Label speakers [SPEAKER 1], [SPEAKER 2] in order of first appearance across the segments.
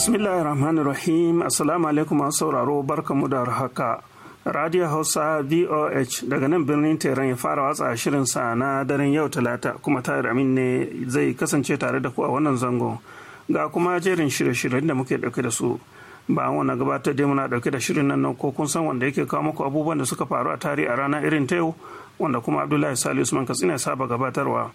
[SPEAKER 1] bismillahir rahmanir rahim assalamu alaikum masu sauraro barkamu da haka radio hausa voh daga nan birnin teran ya fara watsa shirin sa na daren yau talata kuma tayar amin ne zai kasance tare da ku a wannan zango ga kuma jerin shirye-shiryen da muke dauke da su ba an wani gabatar da muna dauke da shirin nan ko kun san wanda yake kawo muku abubuwan da suka faru a tarihi a rana irin ta yau wanda kuma abdullahi salisu usman katsina ya saba gabatarwa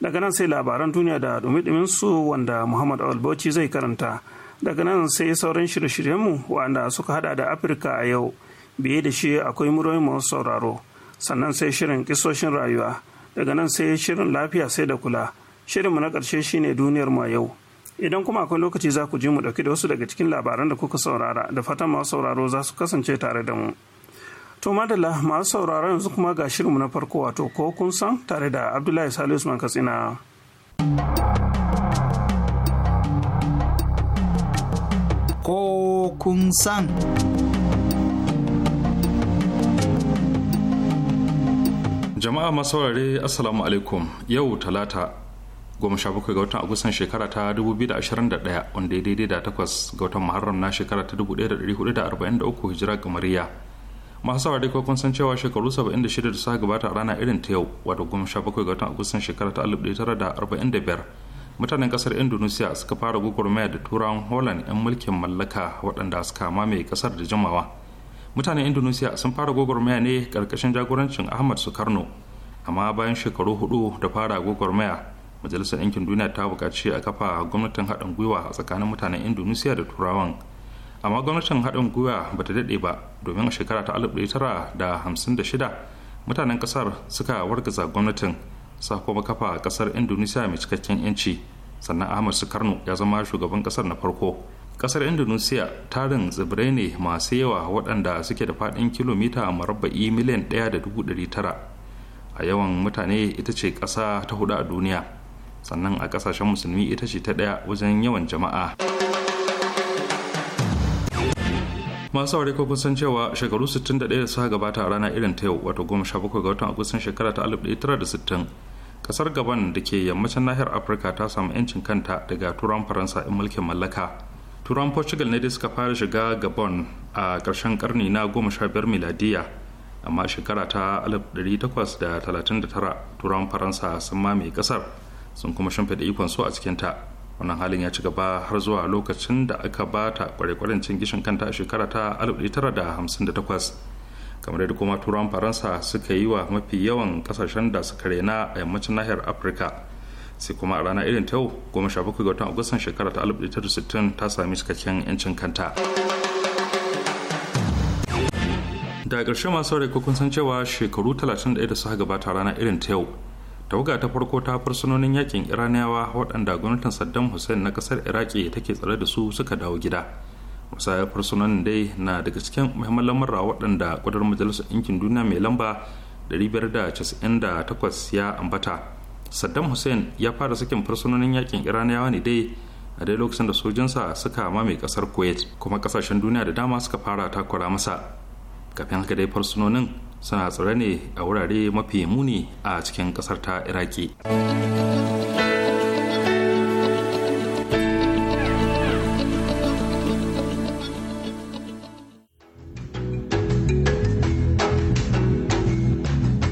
[SPEAKER 1] daga nan sai labaran duniya da dumi su wanda muhammad bauchi zai karanta daga nan sai sauran shirye-shiryenmu wanda suka hada da afirka a yau biye da shi akwai muroyin masu sauraro sannan sai shirin kisoshin rayuwa daga nan sai shirin lafiya sai da kula shirinmu na ƙarshe shine duniyar mu a yau idan kuma akwai lokaci za ku ji mu ɗauki da wasu daga cikin labaran da kuka saurara da fatan masu sauraro za su kasance tare da mu to madalla masu sauraro yanzu kuma ga shirinmu na farko wato ko kun san tare da abdullahi salisu man katsina.
[SPEAKER 2] ko kun san.
[SPEAKER 3] Jama'a masaurare Assalamu alaikum yau talata goma sha bakwai ga watan agustan shekara ta 2021 wanda ya daidai da takwas ga watan muharram na shekara ta 1443 hijira kamariya masu saurare ko kun san cewa shekaru 76 da suka gabata a rana irin ta yau wato goma sha bakwai ga watan agustan shekara ta 1945 mutanen kasar indonesia suka fara gugurmaya da turawan holland 'yan mulkin mallaka waɗanda suka mamaye kasar da jimawa mutanen indonesia sun fara gwagwarmaya ne karkashin jagorancin ahmad sukarno amma bayan shekaru hudu da fara gwagwarmaya majalisar ɗinkin duniya ta buƙaci a kafa gwamnatin haɗin gwiwa a tsakanin mutanen indonesia da turawan amma gwamnatin haɗin gwiwa ba ta daɗe ba domin a shekara ta da da hamsin shida mutanen ƙasar suka wargaza gwamnatin sa kuma kafa kasar indonesia mai cikakken yanci sannan ahmad sukarno ya zama shugaban kasar na farko kasar indonesia tarin tsibirai ne masu yawa waɗanda suke da faɗin kilomita marabba'i miliyan tara a yawan mutane ita ce ƙasa ta hudu a duniya sannan a ƙasashen musulmi ita ce ta ɗaya wajen yawan jama'a. masu aure ko kun san cewa shekaru 61 da suka gabata a rana irin ta yau wato 17 ga watan agustan shekara ta 1960 kasar gaban da ke yammacin nahiyar afirka ta samu 'yancin kanta daga turan faransa in mulkin mallaka turan portugal ne dai suka fara shiga gabon a karshen karni na 15 miladiya amma shekara ta 1839 turan faransa sun mamaye kasar sun kuma shimfida ikon su a cikinta wannan halin ya ci gaba har zuwa lokacin da aka ba ta kwarekwaren cin gishin kanta a shekara ta 1958 kamar yadda kuma turawan faransa suka yi wa mafi yawan kasashen da suka rena a yammacin nahiyar afirka sai kuma a rana irin ta goma sha bakwai ga watan agustan shekara ta 1960 ta sami cikakken yancin kanta da ƙarshe masu rai kun san cewa shekaru 31 da suka gabata rana irin ta yau tawaga ta farko ta fursunonin yakin iraniyawa waɗanda gwamnatin saddam hussein na ƙasar iraki take tsare da su suka dawo gida musayar fursunonin dai na daga cikin muhimman lamarra waɗanda ƙudar majalisar ɗinkin duniya mai lamba 598 ya ambata saddam hussein ya fara sakin fursunonin yakin iraniyawa ne dai a dai lokacin da sojinsa suka mame kasar kuwait kuma kasashen duniya da dama suka fara takura masa kafin haka dai fursunonin suna tsare ne a wurare mafi muni a cikin ƙasar ta iraki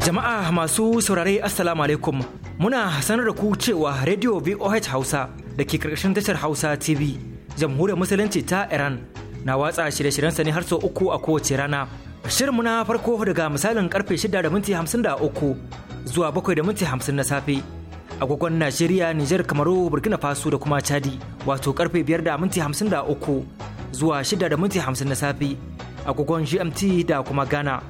[SPEAKER 4] jama'a masu saurare assalamu alaikum muna sanar da ku cewa radio voh hausa da ke karkashin tashar hausa tv jamhuriyar musulunci ta iran na watsa shirye shiryen ne har sau uku a kowace rana Shirinmu na farko daga misalin karfe shida da minti uku zuwa bakwai da minti hamsin na safe. Agogon Najeriya, Nijar, Kamaru, Burkina Faso da kuma Chadi wato karfe biyar da minti uku zuwa shida da minti hamsin na safe. Agogon GMT da kuma Ghana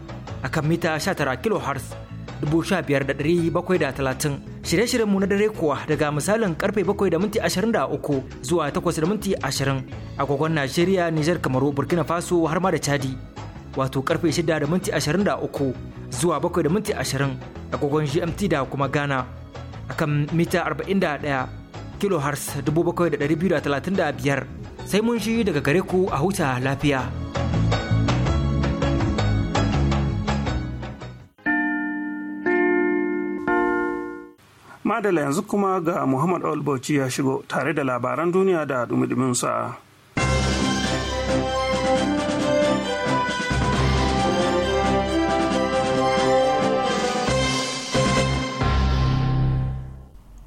[SPEAKER 4] a kan mita 19 kHz 15730. Shirye-shiryenmu na dare kuwa daga misalin karfe bakwai da minti uku zuwa takwas da minti 20 agogon Najeriya, Nijar, Kamaru, Burkina Faso har ma da Chadi. wato karfe 6:23 zuwa 7:20 agogon GMT da kuma Ghana akan mita 41 kHz 7,235 sai mun shi daga gare ku a huta lafiya.
[SPEAKER 1] Madala yanzu kuma ga Muhammad Olbauchi ya shigo tare da labaran duniya da dumi duminsa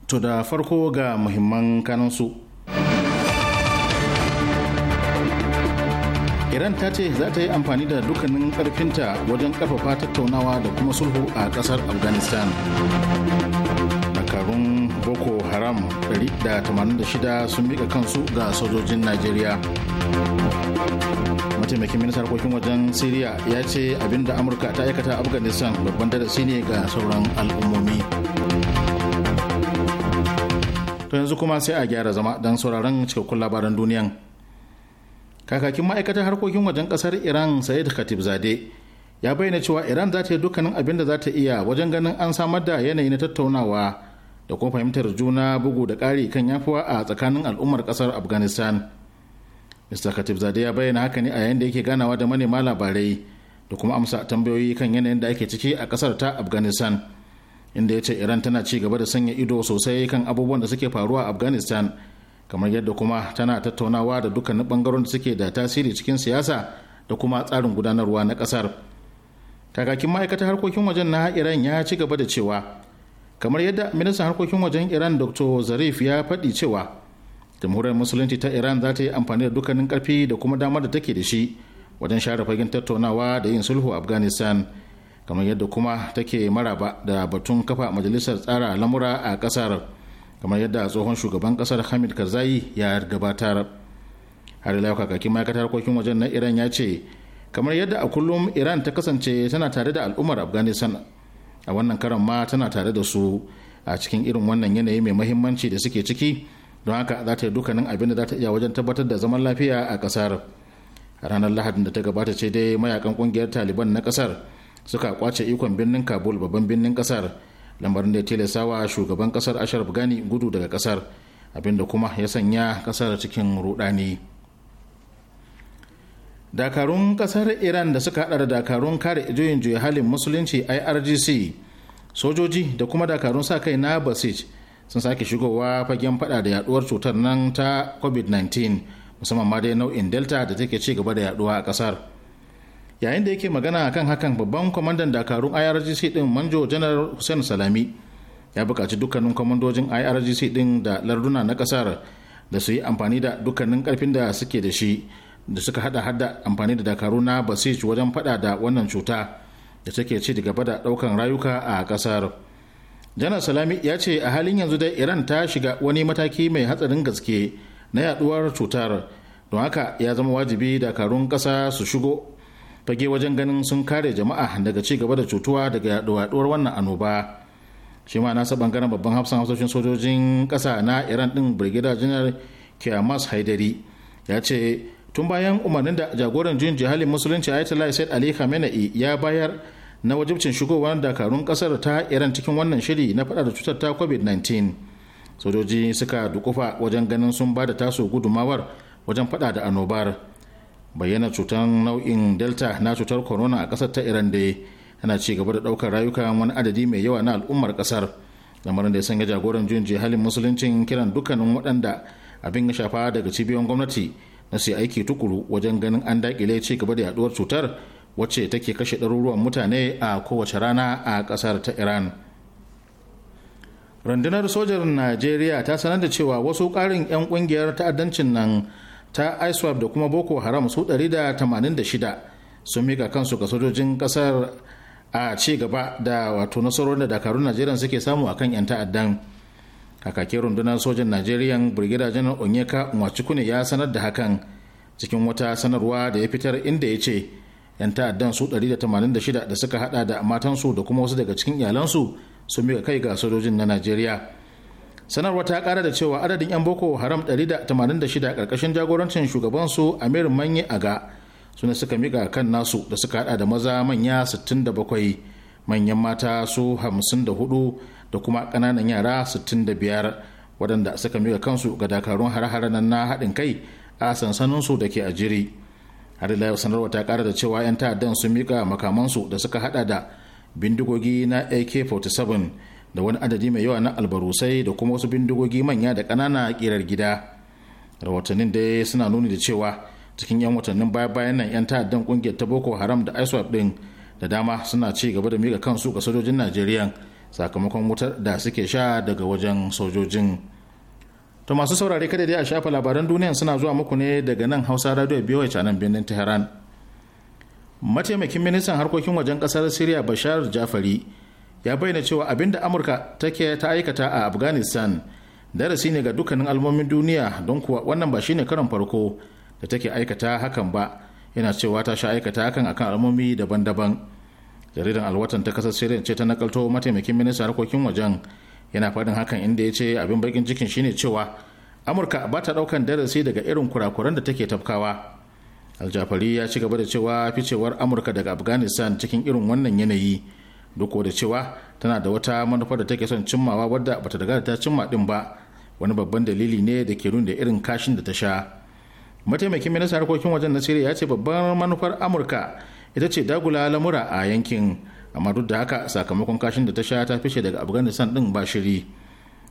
[SPEAKER 5] To da farko ga muhimman kanansu. Iran ta ce za ta yi amfani da dukkanin karfinta wajen karfafa tattaunawa da kuma sulhu a ƙasar Afghanistan. Dakarun Boko Haram 186 sun miƙa kansu ga sojojin Najeriya. Mataimakin ministan harkokin wajen Siriya ya ce abinda Amurka ta aikata Afghanistan babban darasi ne ga sauran al'ummomi. to yanzu kuma sai a gyara zama don sauraron cikakkun labaran duniyan kakakin ma'aikatar harkokin wajen kasar iran sayid khatib zade ya bayyana cewa iran za ta yi dukkanin abin da za ta iya wajen ganin an samar da yanayi na tattaunawa da kuma fahimtar juna bugu da ƙari kan yafuwa a tsakanin al'ummar kasar afghanistan mr khatib zade ya bayyana haka ne a yayin da yake ganawa da manema labarai da kuma amsa tambayoyi kan yanayin da ake ciki a kasar ta afghanistan inda ya ce iran tana ci gaba da sanya ido sosai kan abubuwan da suke faruwa a afghanistan kamar yadda kuma tana tattaunawa da dukkanin bangaren da suke da tasiri cikin siyasa da kuma tsarin gudanarwa na kasar kakakin ma'aikatar harkokin wajen na iran ya ci gaba da cewa kamar yadda ministan harkokin wajen iran dr zarif ya faɗi cewa jamhuriyar musulunci ta iran za ta yi amfani da dukkanin karfi da kuma damar da take da shi wajen share fagen tattaunawa da yin sulhu afghanistan kamar yadda kuma take maraba da batun kafa majalisar tsara lamura a kasar kamar yadda tsohon shugaban kasar hamid karzai ya gabatar har ila kakakin ma'aikatar harkokin wajen na iran ya ce kamar yadda a kullum iran ta kasance tana tare da al'ummar afghanistan a wannan karan ma tana tare da su a cikin irin wannan yanayi mai mahimmanci da suke ciki don haka za ta yi dukkanin abin da za ta iya wajen tabbatar da zaman lafiya a kasar ranar lahadin da ta gabata ce dai mayakan kungiyar taliban na kasar suka kwace ikon birnin kabul babban birnin kasar lambarin da ya tilasta wa shugaban kasar ashraf gani gudu daga kasar abinda kuma ya sanya kasar cikin rudani dakarun kasar iran da suka hada da dakarun kare juyin juya halin musulunci irgc sojoji da kuma dakarun sa kai na basij sun sake shigowa fagen fada da yaduwar cutar nan ta covid-19 musamman ma dai nau'in delta da take ci gaba da yaduwa a kasar yayin da yake magana kan hakan babban kwamandan dakarun irgc din manjo janar hussein salami ya bukaci dukkanin kwamandojin irgc din da larduna na kasar da su yi amfani da dukkanin ƙarfin da suke da shi da suka hada hada amfani da dakaru na basij wajen fada da wannan cuta da take ci gaba da ɗaukan rayuka a ƙasar janar salami ya ce a halin yanzu dai iran ta shiga wani mataki mai hatsarin gaske na yaduwar cutar don haka ya zama wajibi dakarun ƙasa su shigo fage wajen ganin sun kare jama'a daga ci gaba da cutuwa daga yaduwar wannan annoba shi ma nasa bangaren babban hafsan hafsoshin sojojin kasa na iran din brigadier general kiamas haidari ya ce tun bayan umarnin da jagoran juyin jihalin musulunci ayatollah said ali khamenei ya bayar na wajibcin shigowar dakarun kasar ta iran cikin wannan shiri na fada da cutar ta covid-19 sojoji suka dukufa wajen ganin sun ba da taso gudumawar wajen fada da annobar bayyana cutar nau'in delta na cutar corona a kasar ta iran da yana ci gaba da daukar rayuka wani adadi mai yawa na al'ummar kasar lamarin da ya sanya jagoran juyin halin musuluncin kiran dukkanin waɗanda abin ya shafa daga cibiyoyin gwamnati na su aiki tukuru wajen ganin an dakile ci gaba da yaduwar cutar wacce take kashe ɗaruruwan mutane a kowace rana a kasar ta iran rundunar sojan najeriya ta sanar da cewa wasu ƙarin 'yan ƙungiyar ta'addancin nan ta iswap da kuma boko haram su 186 sun mika kansu ga sojojin kasar a ci gaba da wato nasarorin da dakarun najeriya suke samu akan 'yan ta'addan kakakin rundunar sojan najeriya birgida janar onyeka ne ya sanar da hakan cikin wata sanarwa da ya fitar inda ya ce 'yan ta'addan su 186 da suka hada da matansu da kuma wasu daga cikin iyalansu sun mika kai ga sojojin na najeriya sanarwa ta kara da cewa adadin 'yan boko haram 186 karkashin jagorancin shugabansu amir manye aga suna suka mika kan nasu da suka hada da maza manya 67 manyan mata su 54 da kuma kananan yara 65 waɗanda suka mika kansu ga dakarun har-haren nan na haɗin kai a sansaninsu da ke a jiri har ila yau sanarwa ta kara da cewa 'yan ta'addan sun mika makamansu da suka hada da bindigogi na ak-47 da wani adadi mai yawa na albarusai da kuma wasu bindigogi manya da ƙanana ƙirar gida rahotannin dai suna nuni da cewa cikin 'yan watannin baya bayan nan 'yan ta'addan kungiyar ta boko haram da iswap din da dama suna ci gaba da miƙa kansu ga sojojin najeriya sakamakon wutar da suke sha daga wajen sojojin to masu saurare kada dai a shafa labaran duniya suna zuwa muku ne daga nan hausa radio biyu a nan birnin tehran mataimakin ministan harkokin wajen kasar siriya bashar jafari ya bayyana cewa abin da amurka take ta aikata a afghanistan darasi ne ga dukkanin almomin duniya don kuwa wannan ba shine karan farko da take aikata hakan ba yana cewa ta sha aikata hakan akan al'ummomi daban-daban jaridan alwatan ta kasar syria ce ta nakalto mataimakin minista harkokin wajen yana faɗin hakan inda ya ce abin bakin cikin shine cewa amurka ba ta ɗaukan darasi daga irin kurakuran da take tafkawa aljafari ya ci gaba da cewa ficewar amurka daga afghanistan cikin irin wannan yanayi duk da cewa tana da wata manufa da take son cimmawa wadda bata daga ta cimma din ba wani babban dalili ne da ke nuna irin kashin da ta sha mataimakin ministan harkokin wajen na ya ce babbar manufar amurka ita ce dagula lamura a yankin amma duk da haka sakamakon kashin da ta sha ta fice daga afghanistan din ba shiri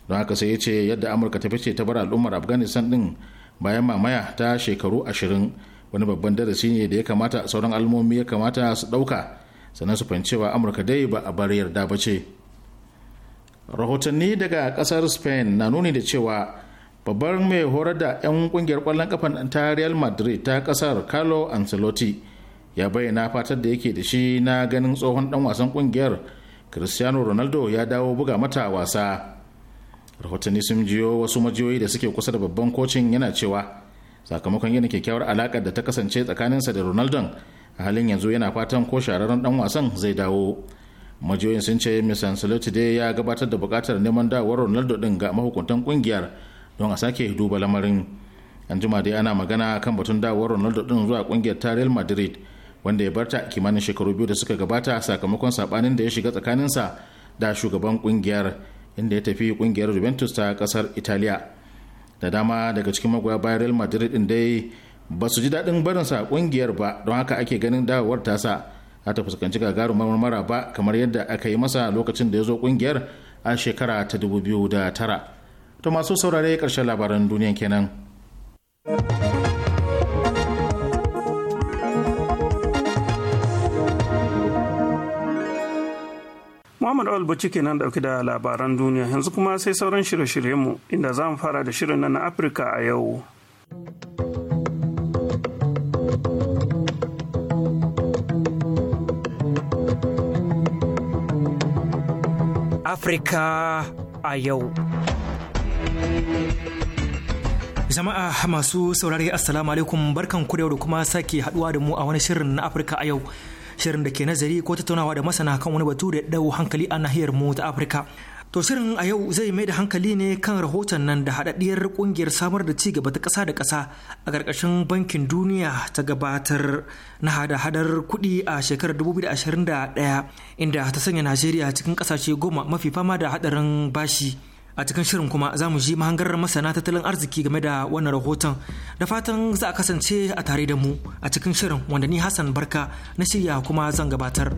[SPEAKER 5] don haka sai ya ce yadda amurka ta fice ta bar al'ummar afghanistan din bayan mamaya ta shekaru ashirin wani babban darasi ne da ya kamata sauran al'ummomi ya kamata su ɗauka sannan su cewa amurka dai ba a bar yarda ba ce rahotanni daga kasar spain na nuni da cewa babbar mai horar da 'yan kungiyar kwallon kafan ta real madrid ta kasar carlo ancelotti ya bayyana fatar da yake da shi na ganin tsohon dan wasan kungiyar cristiano ronaldo ya dawo buga mata wasa rahotanni sun jiyo wasu majiyoyi da suke kusa da babban kocin yana cewa sakamakon yana kyakkyawar alakar da ta kasance tsakaninsa da ronaldon a halin yanzu yana fatan ko shararren dan wasan zai dawo majiyoyin sun ce miss ancelotti dai ya gabatar da bukatar neman dawowar ronaldo din ga mahukuntan kungiyar don a sake duba lamarin an jima dai ana magana kan batun dawowar ronaldo din zuwa kungiyar ta real madrid wanda ya barta kimanin shekaru biyu da suka gabata sakamakon sabanin da ya shiga tsakaninsa da shugaban kungiyar inda ya tafi kungiyar juventus ta kasar italiya da dama daga cikin magoya bayan real madrid din dai ba su ji daɗin barinsa ƙungiyar ba don haka ake ganin dawowar tasa a ta fuskanci gagarumar marmara ba kamar yadda aka yi masa lokacin da ya zo ƙungiyar a shekara ta da tara to masu saurare ƙarshen labaran duniya kenan.
[SPEAKER 1] Muhammad ke kenan dauke da labaran duniya yanzu kuma sai sauran shirye-shiryenmu inda za mu fara da shirin na Afirka a yau.
[SPEAKER 4] Afirka a yau. Jama'a masu saurari Assalamu alaikum barkan ku da kuma sake haduwa da mu a wani shirin na Afirka a yau. Shirin da ke nazari ko tattaunawa da masana kan wani batu da dau hankali a nahiyar mu ta Afirka. To shirin a yau zai mai da hankali ne kan rahoton nan da haɗaɗɗiyar kungiyar samar da ci gaba ta kasa da kasa a karkashin bankin duniya ta gabatar na hada-hadar kuɗi a shekarar 2021 inda ta sanya Najeriya cikin kasashe goma mafi fama da haɗarin bashi. A cikin shirin kuma za mu ji mahangar masana tattalin arziki game da wannan rahoton da fatan za a kasance a tare da mu a cikin shirin wanda ni Hassan Barka na shirya kuma zan gabatar.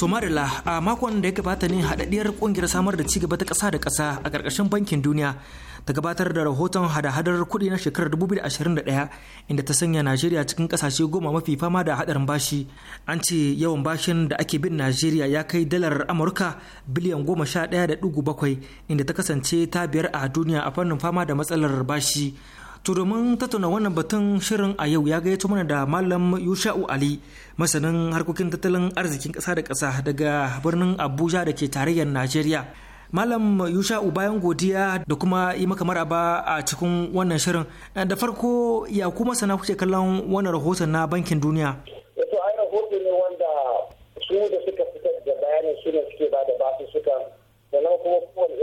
[SPEAKER 4] To Marila a makon da ya gabata ne hadaddiyar kungiyar samar da cigaba ta kasa da kasa a karkashin bankin duniya ta gabatar da rahoton hada-hadar kuɗi na shekarar 2021 inda ta sanya Najeriya cikin kasashe goma mafi fama da hadarin bashi. An ce yawan bashin da ake bin Najeriya ya kai dalar Amurka biliyan goma sha ɗaya da ɗugu bakwai inda ta kasance ta biyar a duniya a fannin fama da matsalar bashi To domin tattauna wannan batun shirin a yau ya gayyato mana da Malam Yusha'u Ali masanin harkokin tattalin arzikin kasa da kasa daga birnin Abuja da ke tarayyar Najeriya. Malam Yusha'u bayan godiya da kuma yi maka maraba a cikin wannan shirin. Eh, da farko ya kuma sana kuke kallon wannan rahoton na Bankin Duniya?
[SPEAKER 6] ne wanda su da suka da ba da basu kuma kowane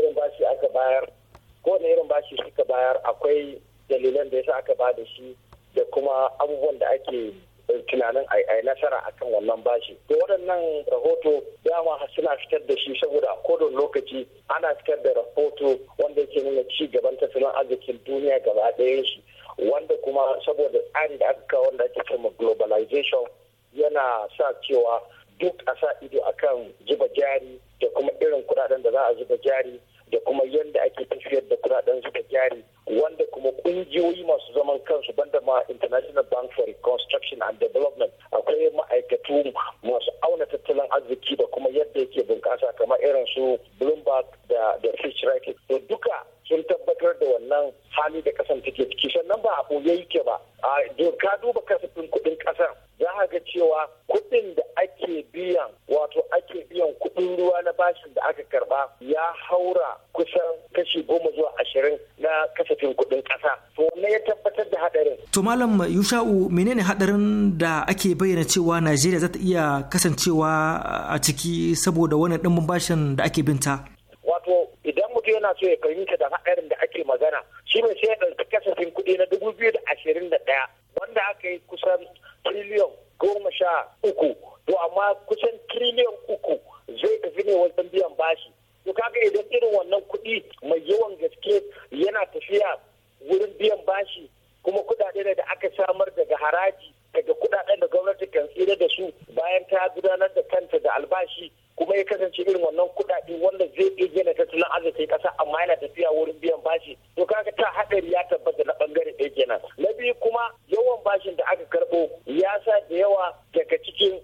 [SPEAKER 6] irin bashi aka bayar akwai dalilan da ya sa aka ba da shi da kuma abubuwan da ake eh, tunanin a yi nasara a kan wannan bashi. Da waɗannan rahoto dama suna fitar da shi saboda kodon lokaci ana fitar da rahoto wanda yake nuna ci gaban tattalin arzikin duniya gaba ɗayan shi wanda kuma saboda tsari da aka kawo wanda ake kama globalization yana sa cewa duk a sa ido akan zuba jari da kuma irin kuɗaɗen da za a zuba jari da kuma yadda ake tafiyar da kudaden suka jari wanda kuma kungiyoyi masu zaman kansu banda ma international bank for reconstruction and development akwai ma'aikatu masu auna tattalin arziki da kuma yadda yake bunƙasa kamar irin su bloomberg da da fitch to duka sun tabbatar da wannan hali da kasan take ciki sannan ba a yi yake ba a doka duba kasafin kuɗin ƙasar za a ga cewa kuɗin da ake biyan wato ake biyan kuɗin ruwa na bashin da aka karba ya haura kusan kashi goma zuwa ashirin na kasafin kuɗin ƙasa to wannan ya tabbatar
[SPEAKER 4] da haɗarin. to malam yusha'u menene haɗarin da ake bayyana cewa najeriya za ta iya kasancewa a ciki saboda wannan ɗan bashin da ake binta.
[SPEAKER 6] mutum yana so ya fahimta da haɗarin da ake magana shi ne sai ya ɗauki kasafin kuɗi na dubu biyu da ashirin da ɗaya wanda aka yi kusan triliyon goma sha uku to amma kusan triliyon uku zai tafi ne wajen biyan bashi to kaga idan irin wannan kuɗi mai yawan gaske yana tafiya wurin biyan bashi kuma kuɗaɗe ne da aka samar daga haraji daga kuɗaɗen da gwamnati kan tsira da su bayan ta gudanar da kanta da albashi kuma ya kasance irin wannan kuɗaɗe wanda zai iya gina tattalin arzikin ƙasa amma yana tafiya wurin biyan bashi to kaga ta haɗari ya tabbata na ɓangare ɗaya kenan na biyu kuma yawan bashin da aka karɓo ya sa da yawa daga cikin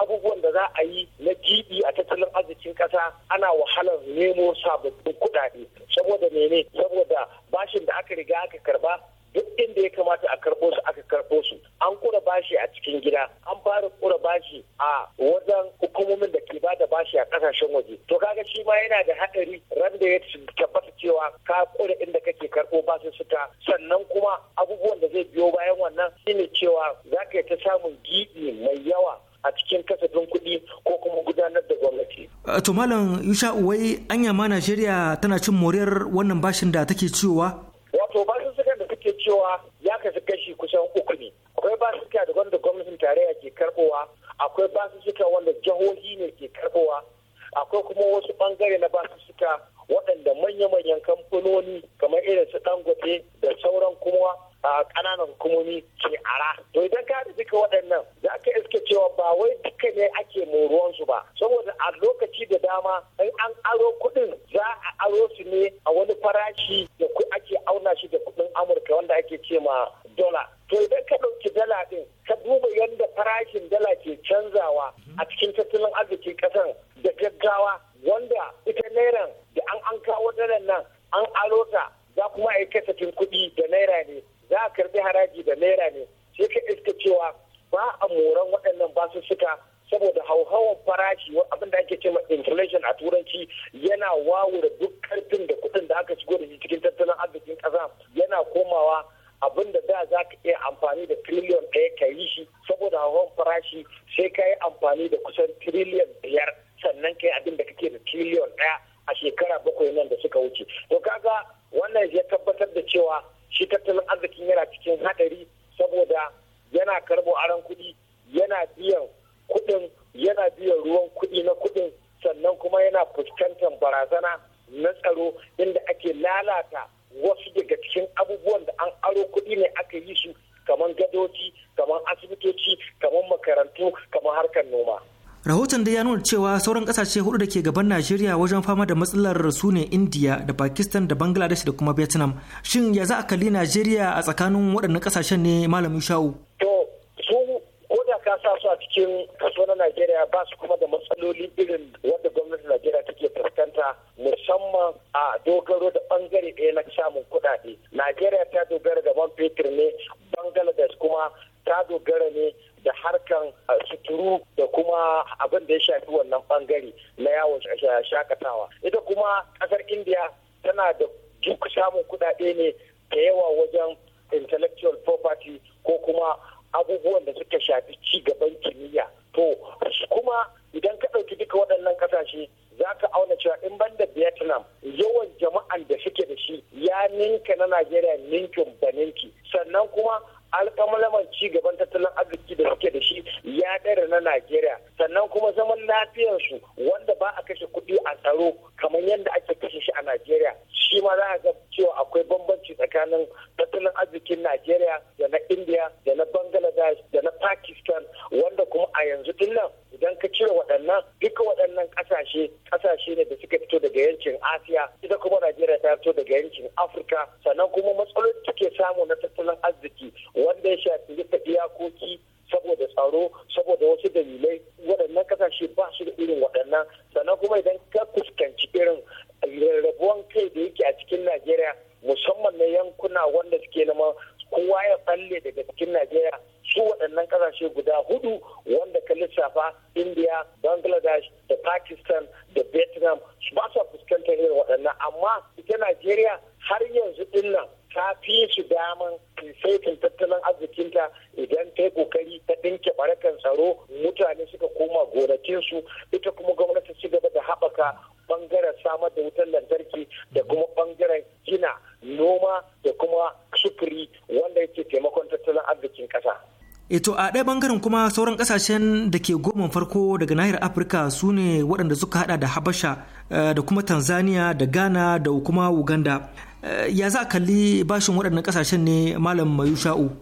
[SPEAKER 6] abubuwan da za a yi na gibi a tattalin arzikin ƙasa ana wahalar nemo sababbin kuɗaɗe saboda mene saboda bashin da aka riga aka karɓa duk inda ya kamata a karɓo su aka karɓo su an kura bashi a cikin gida an fara kura bashi a wajen hukumomin da ke bada bashi a kasashen waje to kaga shi ma yana da haɗari ran da ya tabbata cewa ka kura inda kake karɓo basu suka sannan kuma abubuwan da zai biyo bayan wannan shine cewa za ka ta samun giɓi mai yawa a cikin kasafin kuɗi ko kuma gudanar da
[SPEAKER 4] gwamnati. Eh, to Malam Yusha'u wai anya ma Najeriya tana cin moriyar wannan bashin da take ciwowa?
[SPEAKER 6] cewa ya kasu kashi kusan uku ne akwai basuka da wanda gwamnatin tarayya ke karbowa akwai basussuka wanda jihohi ne ke karbowa akwai kuma wasu bangare na basuka waɗanda manya-manyan kamfanoni kamar irin su dangote da sauran kuma ƙananan hukumomi ke ara to idan ka duka waɗannan za ka iske cewa ba wai duka ne ake moruwansu ba saboda a lokaci da dama in an aro kuɗin za a aro su ne a wani farashi da ake auna shi da kuɗin amurka wanda ake ce ma dola to idan ka ɗauki dala ɗin ka duba yadda farashin dala ke canzawa a cikin tattalin arzikin ƙasar da gaggawa wanda ita nairan da an an kawo dalar nan an aro ta za kuma a yi kasafin kuɗi da naira ne za a karbi haraji da naira ne sai ka iska cewa ba a moran waɗannan basussuka saboda hauhawar farashi abin da ake cewa inflation a turanci yana wawura duk karfin da kuɗin da aka shigo da shi cikin tattalin arzikin ƙasa yana komawa abin da da za ka iya amfani da triliyon ɗaya ka yi shi saboda hauhawar farashi sai ka yi amfani da kusan triliyon biyar sannan ka yi abin da kake da triliyon ɗaya a shekara bakwai nan da suka wuce to kaga wannan ya tabbatar da cewa shi tattalin arzikin yana cikin haɗari saboda yana karbo aron kuɗi yana biyan kuɗin yana biyan ruwan kuɗi na kuɗin sannan kuma yana fuskantar barazana na tsaro inda ake lalata wasu daga cikin abubuwan da an aro kuɗi ne aka yi su kamar gadoci kamar asibitoci kamar makarantu kamar harkar noma.
[SPEAKER 4] rahoton da ya nuna cewa sauran kasashe hudu da ke gaban najeriya wajen fama da matsalar su ne india da pakistan da bangladesh da kuma vietnam shin ya za a kalli najeriya a tsakanin waɗannan kasashen ne malamin sha'u to su
[SPEAKER 6] ko da ka sa su a cikin kaso na najeriya ba su kuma da matsaloli irin wanda gwamnatin najeriya take fuskanta musamman a dogaro da bangare ɗaya na samun kuɗaɗe najeriya ta dogara da man fetur ne bangladesh kuma ta dogara ne da harkar suturu da kuma abin da ya shafi wannan bangare na yawon shakatawa ita kuma kasar india tana da duk samun kudade ne da yawa wajen intellectual property ko kuma abubuwan da suka shafi ci gaban kimiyya to kuma idan ka ɗauki duka waɗannan ƙasashe za ka auna cewa in ban da vietnam yawan jama'an da suke da shi ya ninka na najeriya ninkin baninki sannan kuma alƙamalaman ci gaban tattalin arziki da suke da shi ya ɗara na Najeriya sannan kuma zaman lafiyar su wanda ba a kashe kuɗi a tsaro kamar yadda ake kashe shi a Najeriya shi ma za a ga cewa akwai bambanci tsakanin tattalin arzikin Najeriya da na India da na Bangladesh da na Pakistan wanda kuma a yanzu din nan idan ka cire waɗannan duka waɗannan ƙasashe ƙasashe ne da suka fito daga yankin Asiya ita kuma Najeriya ta fito daga yankin Afirka sannan kuma matsalolin take samu na tattalin arziki wanda ya shafi rufe iyakoki saboda tsaro saboda wasu dalilai waɗannan kasashe ba su da irin waɗannan sannan kuma idan ka fuskanci irin
[SPEAKER 4] To a ɗaya bangaren kuma sauran ƙasashen da ke goma farko daga nahiyar Afirka su ne waɗanda suka hada da Habasha eh, da kuma Tanzania da Ghana da kuma Uganda. Eh, ya za a kalli bashin waɗannan ƙasashen ne Malam Mayu Sha'u.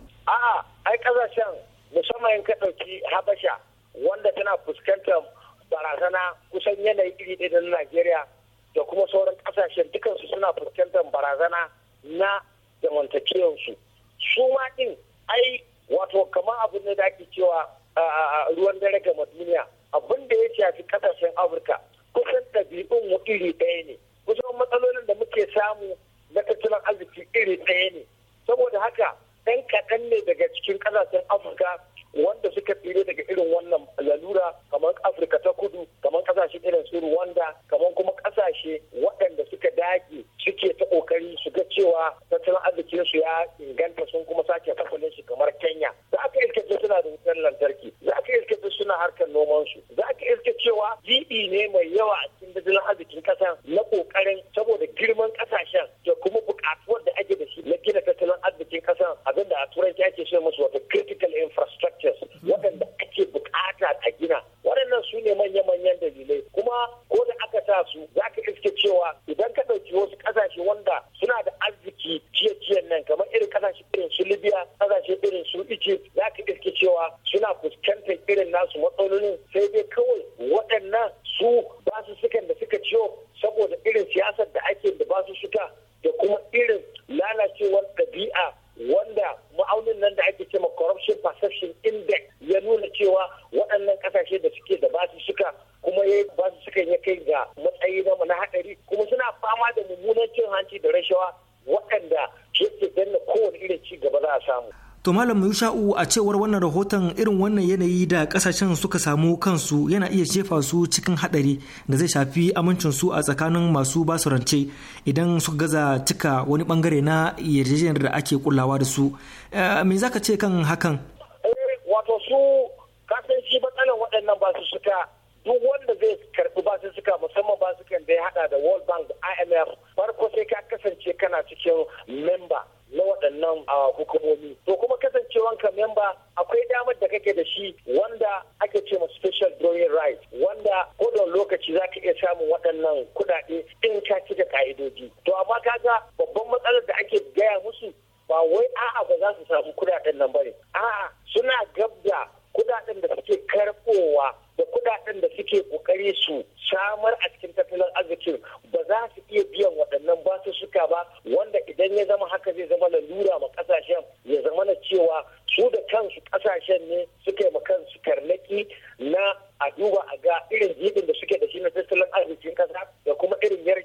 [SPEAKER 4] sha'u a cewar wannan rahoton irin wannan yanayi da kasashen suka samu kansu yana iya shefa su cikin hadari da zai shafi amincinsu a tsakanin masu basu rance idan suka gaza cika wani bangare na yarjejeniyar da ake kullawa da su eh, me zaka ce kan hakan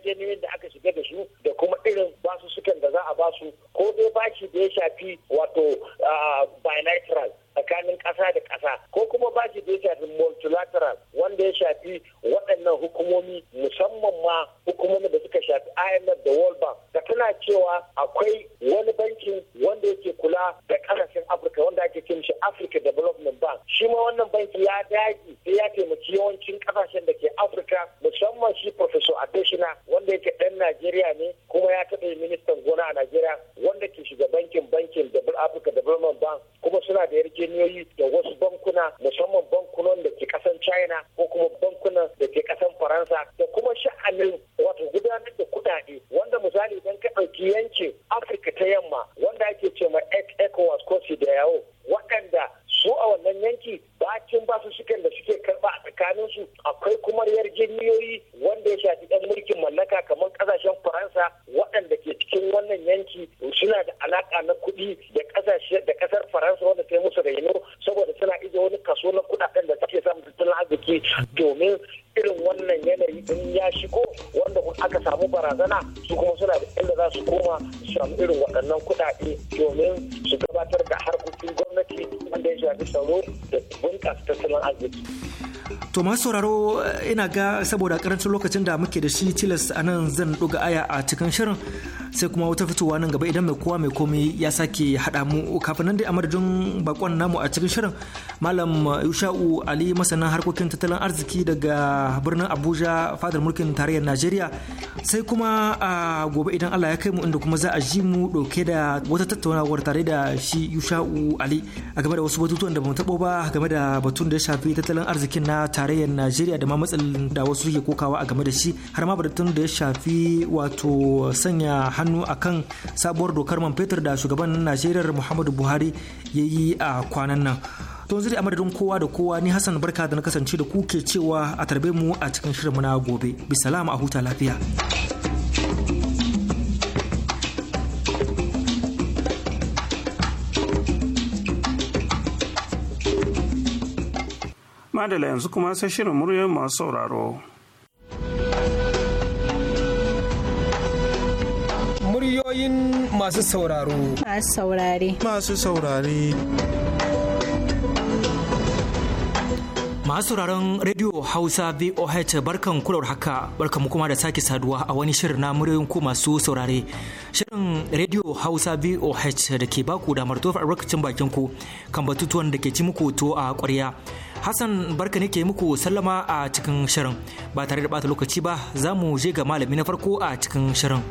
[SPEAKER 6] yarjejeniyar da aka shiga da su
[SPEAKER 4] To masu sauraro ina ga saboda karancin lokacin da muke da shi tilas a nan zan ɗuga aya a cikin shirin sai kuma wata fitowa nan gaba idan mai kowa mai komai ya sake haɗa mu kafin nan dai a madadin bakon namu a cikin shirin malam yusha'u ali masanin harkokin tattalin arziki daga birnin abuja fadar mulkin tarayyar najeriya sai kuma a gobe idan allah ya kai mu inda kuma za a ji mu ɗauke da wata tattaunawar tare da shi yusha'u ali a game da wasu batutuwan da mu taɓo ba game da batun da ya shafi tattalin arzikin na tarayyar Najeriya da ma matsalin da wasu suke kokawa a game da shi har ma batun da ya shafi wato sanya hannu akan sabuwar dokar man fetur da shugaban Najeriya Muhammadu Buhari ya yi a kwanan nan. don zuri a madadin kowa da kowa ni Hassan barka da na kasance da ku ke cewa a tarbe mu a cikin shirin na gobe. Bisalama a huta lafiya.
[SPEAKER 1] Madala yanzu kuma sai shirin muryoyin masu sauraro.
[SPEAKER 2] Muryoyin
[SPEAKER 1] masu sauraro.
[SPEAKER 7] Masu saurare.
[SPEAKER 8] Masu
[SPEAKER 4] saurare. Masu sauraron Radio Hausa VOH barkan kular haka barkan kuma da sake saduwa a wani shirin na muryoyin ku masu saurare. Shirin Radio Hausa VOH da ke baku damar tofa albarkacin bakin ku kan batutuwan da ke ci muku to a ƙwarya. Hassan barka ne ke muku sallama a cikin shirin ba tare da bata lokaci ba za mu je ga malami na farko a cikin shirin.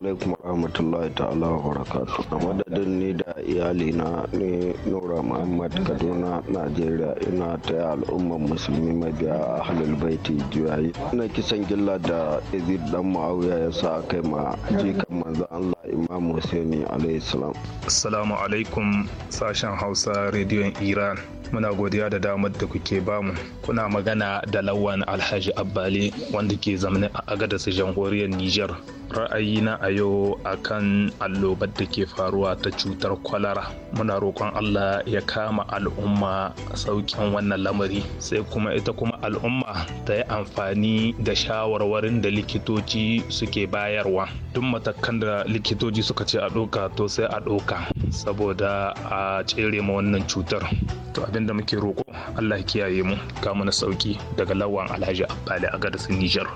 [SPEAKER 9] alaikum rahmatullahi ta'ala wa barakatu a madadin ni da iyalina ne nura muhammad kaduna najeriya ina ta al'ummar musulmi mabiya a halil baiti juyayi ina kisan gilla da izid dan ma'auya ya sa kai ma jikan manzo allah imam husaini alaihi salam
[SPEAKER 3] assalamu alaikum sashen hausa rediyon iran muna godiya da damar da kuke bamu kuna magana da lawan alhaji abbali wanda ke zamani a agadas jamhuriyar Nijar? ra'ayina a yau akan allobar da ke faruwa ta cutar kwalara muna roƙon allah ya kama al'umma saukin wannan lamari sai kuma ita kuma al'umma ta yi amfani da shawarwarin da likitoci suke bayarwa duk matakan da likitoci suka ce a ɗauka to sai a ɗauka saboda a tsere ma wannan cutar to abinda muke roƙo allah kiyaye mu kama na sauki daga lawan alhaji abbali a gadasin nijar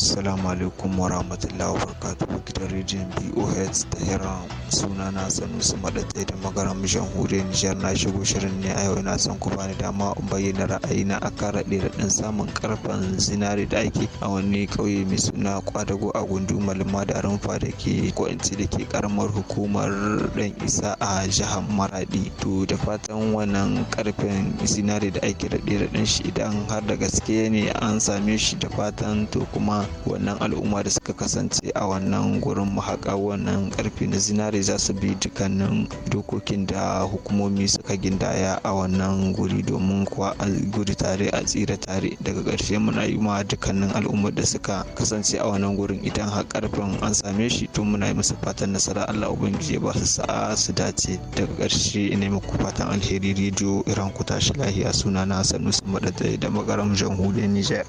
[SPEAKER 3] Assalamu
[SPEAKER 2] alaikum wa rahmatullahi wa barakatuhu gidan rediyon BOH Tehran suna na Sanusi Madatai da magaram jamhuriyar Nijar na shigo shirin ne a yau ina son ku bani dama in bayyana ra'ayina a kan raɗe raɗin samun ƙarfen zinari da ake a wani ƙauye mai suna Kwadago a gundu Madarin da da ke kwanci da ke karamar hukumar ɗan Isa a jihar Maraɗi? to da fatan wannan karfen zinari da ake raɗe da shi idan har da gaske ne an same shi da fatan to kuma wannan al'umma da suka kasance a wannan gurin mahaƙa wannan karfe na zinare za su bi dukkanin dokokin da hukumomi suka gindaya a wannan guri domin kuwa a guri tare a tsira tare daga ƙarshe muna yi ma dukkanin al'ummar da suka kasance a wannan gurin idan har karfin an same shi to muna yi musu fatan nasara Allah ubangiji ya ba su sa'a su dace daga ƙarshe ina muku fatan alheri rediyo iran kuta tashi lahiya sunana sanusi madadai da magaram jamhuriyar Nijar.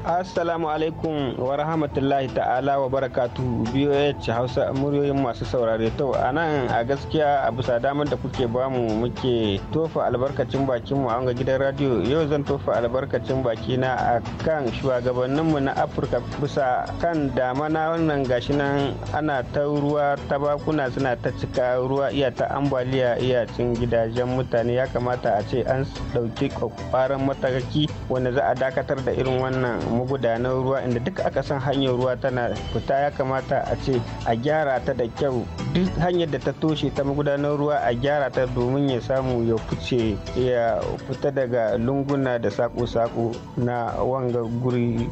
[SPEAKER 9] Assalamu alaikum wa rahmatullahi ta'ala wa barakatu BOH Hausa muryoyin masu saurare to a nan a gaskiya a bisa damar da kuke bamu muke tofa albarkacin bakin mu a gidan radio yau zan tofa albarkacin baki na akan shugabannin mu na Afirka bisa kan dama na wannan gashi nan ana ta ruwa ta bakuna suna ta cika ruwa iya ta ambaliya iya cin gidajen mutane ya kamata a ce an dauki kwakwaran mataki wanda za a dakatar da irin wannan magudanar ruwa inda duk aka san hanyar ruwa tana fita ya kamata a ce a gyara ta da kyau duk hanyar da ta toshe ta magudanar ruwa a gyara ta domin ya samu ya fice ya fita daga lunguna da sako-sako na wanga guri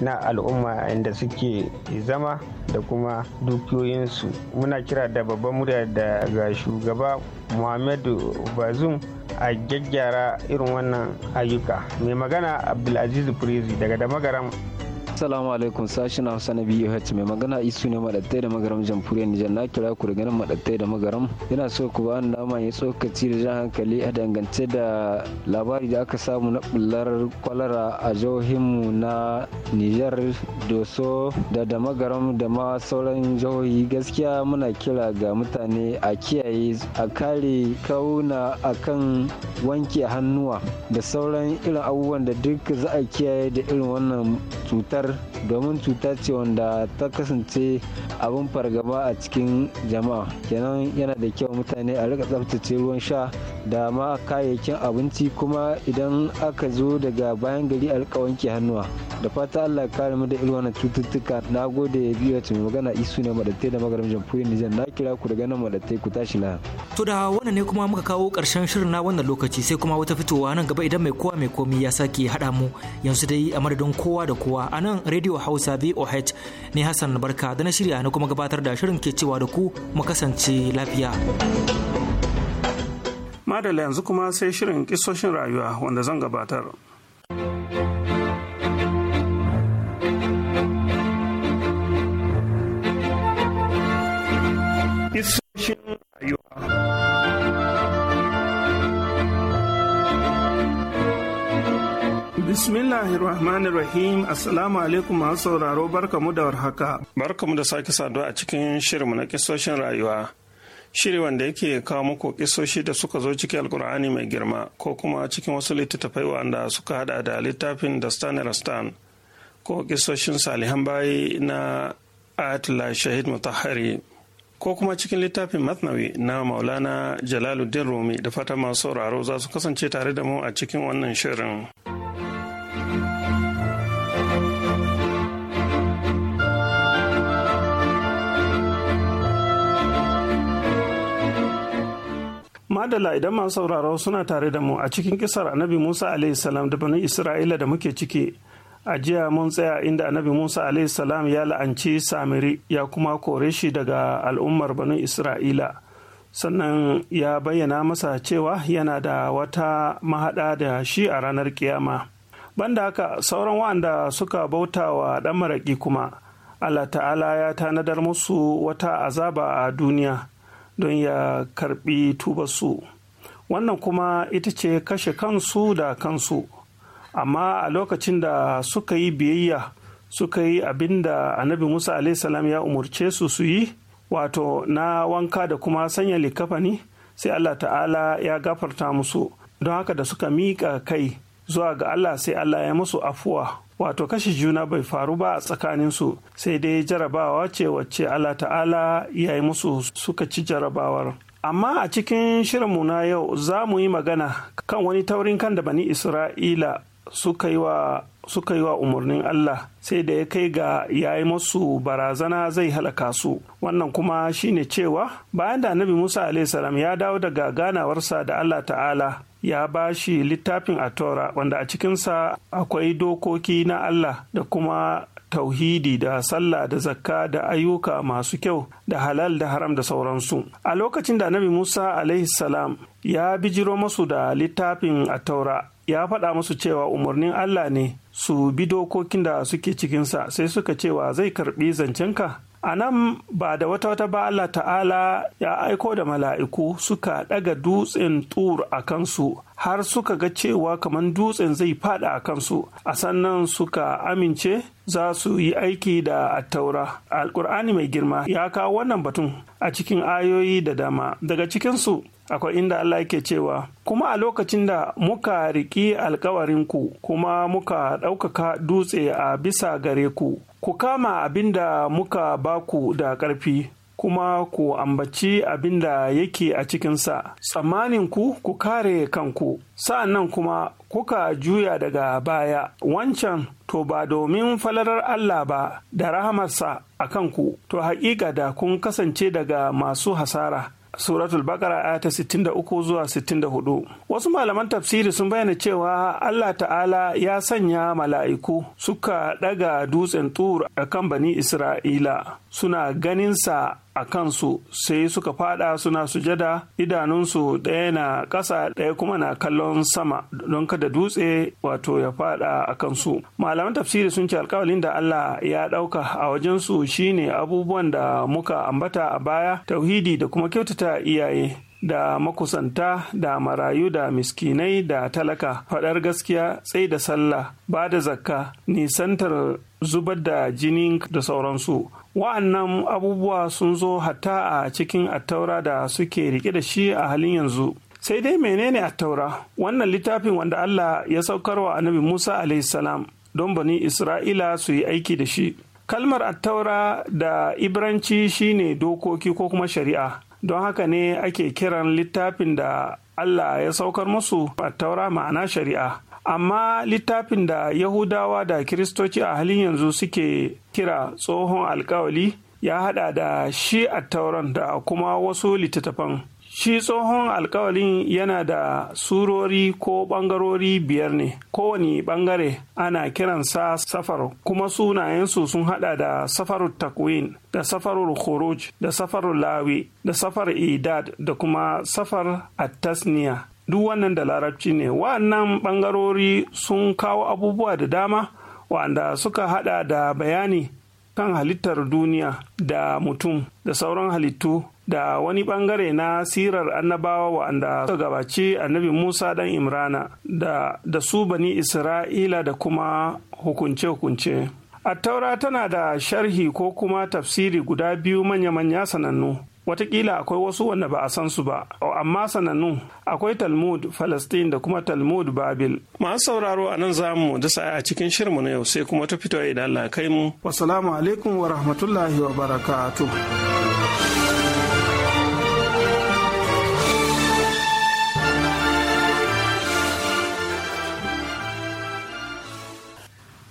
[SPEAKER 9] na al'umma inda suke zama da kuma dukiyoyinsu muna kira da babban murya daga shugaba muhammadu bazum a gyaggyara irin wannan ayyuka mai magana abdulaziz prezi daga damagaram Assalamu alaikum sashen Hausa
[SPEAKER 2] na BUH mai magana isu ne madattai da magaram jamhuriyar Nijar na kira ku da ganin madattai da magaram ina so ku ba ni dama ya tsokaci da jan hankali a dangance da labari da aka samu na bullar kwalara a jihohinmu na Nijar Doso da da magaram da ma sauran jihohi gaskiya muna kira ga mutane a kiyaye a kare kauna akan wanke hannuwa da sauran irin abubuwan da duk za a kiyaye da irin wannan cutar domin cuta ce wanda ta kasance abin fargaba a cikin jama'a kenan yana da kyau mutane a rika tsaftace ruwan sha da ma kayayyakin abinci kuma idan aka zo daga bayan gari a rika wanke hannuwa da fata allah kare mu da irin wannan cututtuka na gode ya biyo mai magana isu ne madatte da magaram jamhuriyar nijar na kira ku daga nan madatte ku tashi na.
[SPEAKER 4] to da wannan ne kuma muka kawo karshen shirin na wannan lokaci sai kuma wata fitowa nan gaba idan mai kowa mai komi ya sake haɗa mu yanzu dai a madadin kowa da kowa a nan Radio Hausa VOH ne Hassan Barka da na shirya na kuma gabatar da shirin ke cewa da ku mu kasance lafiya.
[SPEAKER 1] Madalla yanzu kuma sai shirin kisoshin rayuwa wanda zan gabatar.
[SPEAKER 8] Kisoshin rayuwa.
[SPEAKER 1] Bismillahirrahmanirrahim Assalamu alaikum masu sauraro barkamu da warhaka. Barkamu da sake saduwa a cikin shirinmu na kisoshin rayuwa. Shiri wanda yake kawo muku kisoshi da suka zo cikin alkur'ani mai girma ko kuma cikin wasu littattafai wanda suka hada da littafin da stan stan ko kisoshin salihan bayi na atla shahid mutahari ko kuma cikin littafin matnawi na maulana jalaluddin rumi da fata masu sauraro za su kasance tare da mu a cikin wannan shirin. madalla idan masu sauraro suna tare da mu a cikin kisar annabi musa salam da banin isra'ila da muke ciki a jiya mun tsaya inda annabi musa salam ya la'anci samiri ya kuma kore shi daga al'ummar banin isra'ila sannan ya bayyana masa cewa yana da wata mahada da shi a ranar kiyama banda haka sauran wa'anda suka bauta wa ɗan maraƙi kuma allah ta'ala ya tanadar musu wata azaba a duniya don ya karbi tubarsu wannan kuma ita ce kashe kansu da kansu amma a lokacin da suka yi biyayya suka yi abin da annabi musa salam ya umarce su su yi wato na wanka da kuma sanya ne sai allah ta'ala ya gafarta musu don haka da suka miƙa kai zuwa ga allah sai allah ya musu afuwa wato kashe juna bai faru ba a tsakaninsu sai dai jarabawa ce wacce Allah ta'ala ya yi musu suka ci jarabawar amma a cikin shirinmu na yau za mu yi magana kan wani taurin kan da bani isra'ila suka yi wa suka yi wa umarnin Allah sai da ya kai ga ya yi masu barazana zai halaka su wannan kuma shine cewa bayan da Nabi Musa salam ya dawo daga ganawarsa da Allah ta'ala ya ba shi littafin a tora wanda a cikinsa akwai dokoki na Allah da kuma tauhidi da sallah da zakka da ayyuka masu kyau da halal da haram da sauransu a lokacin da Nabi musa alaihi salam ya bijiro masu da littafin a taura ya faɗa musu cewa umarnin Allah ne su bi dokokin da suke cikinsa sai suka cewa zai karɓi zancenka a nan ba da wata wata ba Allah ta'ala ya aiko da mala'iku suka ɗaga dutsen tur a kansu har suka ga cewa kamar dutsen zai fada a kansu a sannan suka amince za su yi aiki da attaura Alƙur'ani mai girma ya kawo wannan batun a cikin ayoyi da dama daga cikinsu akwai inda Allah yake cewa kuma a lokacin da muka riƙi alkawarinku kuma muka ɗaukaka dutse a bisa gare ku ku kama abin da muka baku da ƙarfi kuma ku ambaci abin da yake a cikinsa tsammaninku ku kare kanku nan kuma kuka juya daga baya wancan to ba domin falarar Allah ba da rahamarsa a kanku to haƙiƙa da kun kasance daga masu hasara suratul bakara aya ta 63 zuwa 64 wasu malaman tafsiri sun bayyana cewa allah ta'ala ya sanya mala'iku suka daga dutsen tur a kan bani isra'ila suna ganinsa a kansu sai suka fada suna sujada idanunsu ɗaya na ƙasa ɗaya kuma na kallon sama don kada dutse wato ya fada a kansu malaman tafsiri sun ce alkawalin da Allah ya ɗauka a wajensu shine abubuwan da muka ambata a baya tauhidi da kuma kyautata iyaye da makusanta da marayu da miskinai da talaka faɗar gaskiya tsai da sallah ba da zakka nisantar zubar da jini da sauransu wa'annan abubuwa sun zo hatta a cikin attaura da suke rike da shi a halin yanzu sai dai menene attaura wannan littafin wanda allah ya saukarwa annabi musa salam don bani isra'ila su yi aiki da shi kalmar attaura da ibranci shine dokoki ko kuma shari'a don haka ne ake kiran littafin da Allah ya saukar musu a taura ma'ana shari'a amma littafin da yahudawa da kiristoci a halin yanzu suke kira tsohon alkawali ya hada da shi a tauran da kuma wasu littattafan shi tsohon alkawalin yana da surori ko ɓangarori biyar ne kowane ɓangare ana kiransa safar kuma sunayensu sun hada da safarul takwin da safarul khuruj da safarul lawi da safar idad da kuma safar attasniya duk wannan da larabci ne wa'annan ɓangarori sun kawo abubuwa da dama wanda suka hada da bayani kan halittar duniya da mutum da sauran halittu da wani bangare na sirar annabawa wa'anda suka gabaci annabi musa dan imrana da, da su bani isra'ila da kuma hukunce-hukunce attaura tana da sharhi ko kuma tafsiri guda biyu manya-manya sanannu watakila akwai wasu wanda ba a san su ba amma sanannu akwai talmud falastin da kuma talmud babil masu sauraro a nan zamu da sa'a a cikin shirmu na yau sai kuma ta fito idan Allah kai mu wasalamu alaikum wa rahmatullahi wa barakatuh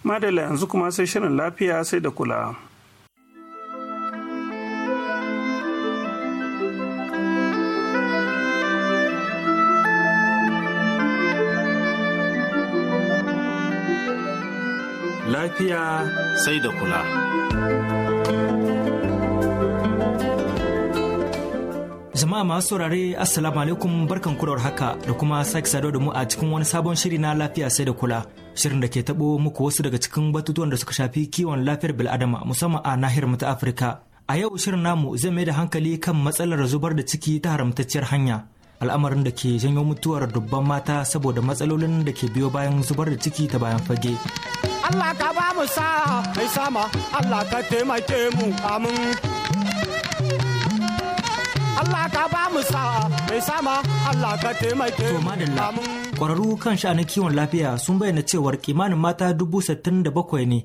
[SPEAKER 1] madalla yanzu kuma sai shirin lafiya sai da kula
[SPEAKER 5] lafiya sai da kula
[SPEAKER 4] Jama'a masu saurare Assalamu alaikum barkan kurar haka da kuma sake saduwa da mu a cikin wani sabon shiri na lafiya sai da kula. Shirin da ke tabo muku wasu daga cikin batutuwan da suka shafi kiwon lafiyar bil'adama musamman a nahiyar mu ta Afirka. A yau shirin namu zai mai da hankali kan matsalar zubar da ciki ta haramtacciyar hanya. Al'amarin da ke janyo mutuwar dubban mata saboda matsalolin da ke biyo bayan zubar da ciki ta bayan fage.
[SPEAKER 6] Allah ka ba mu sa mai sama Allah ka taimake mu amin Allah ka ba mu sa'a
[SPEAKER 4] mai sama Allah ka taimake mu. kwararru kan sha'anin kiwon lafiya sun bayyana cewar kimanin mata dubu sittin bakwai ne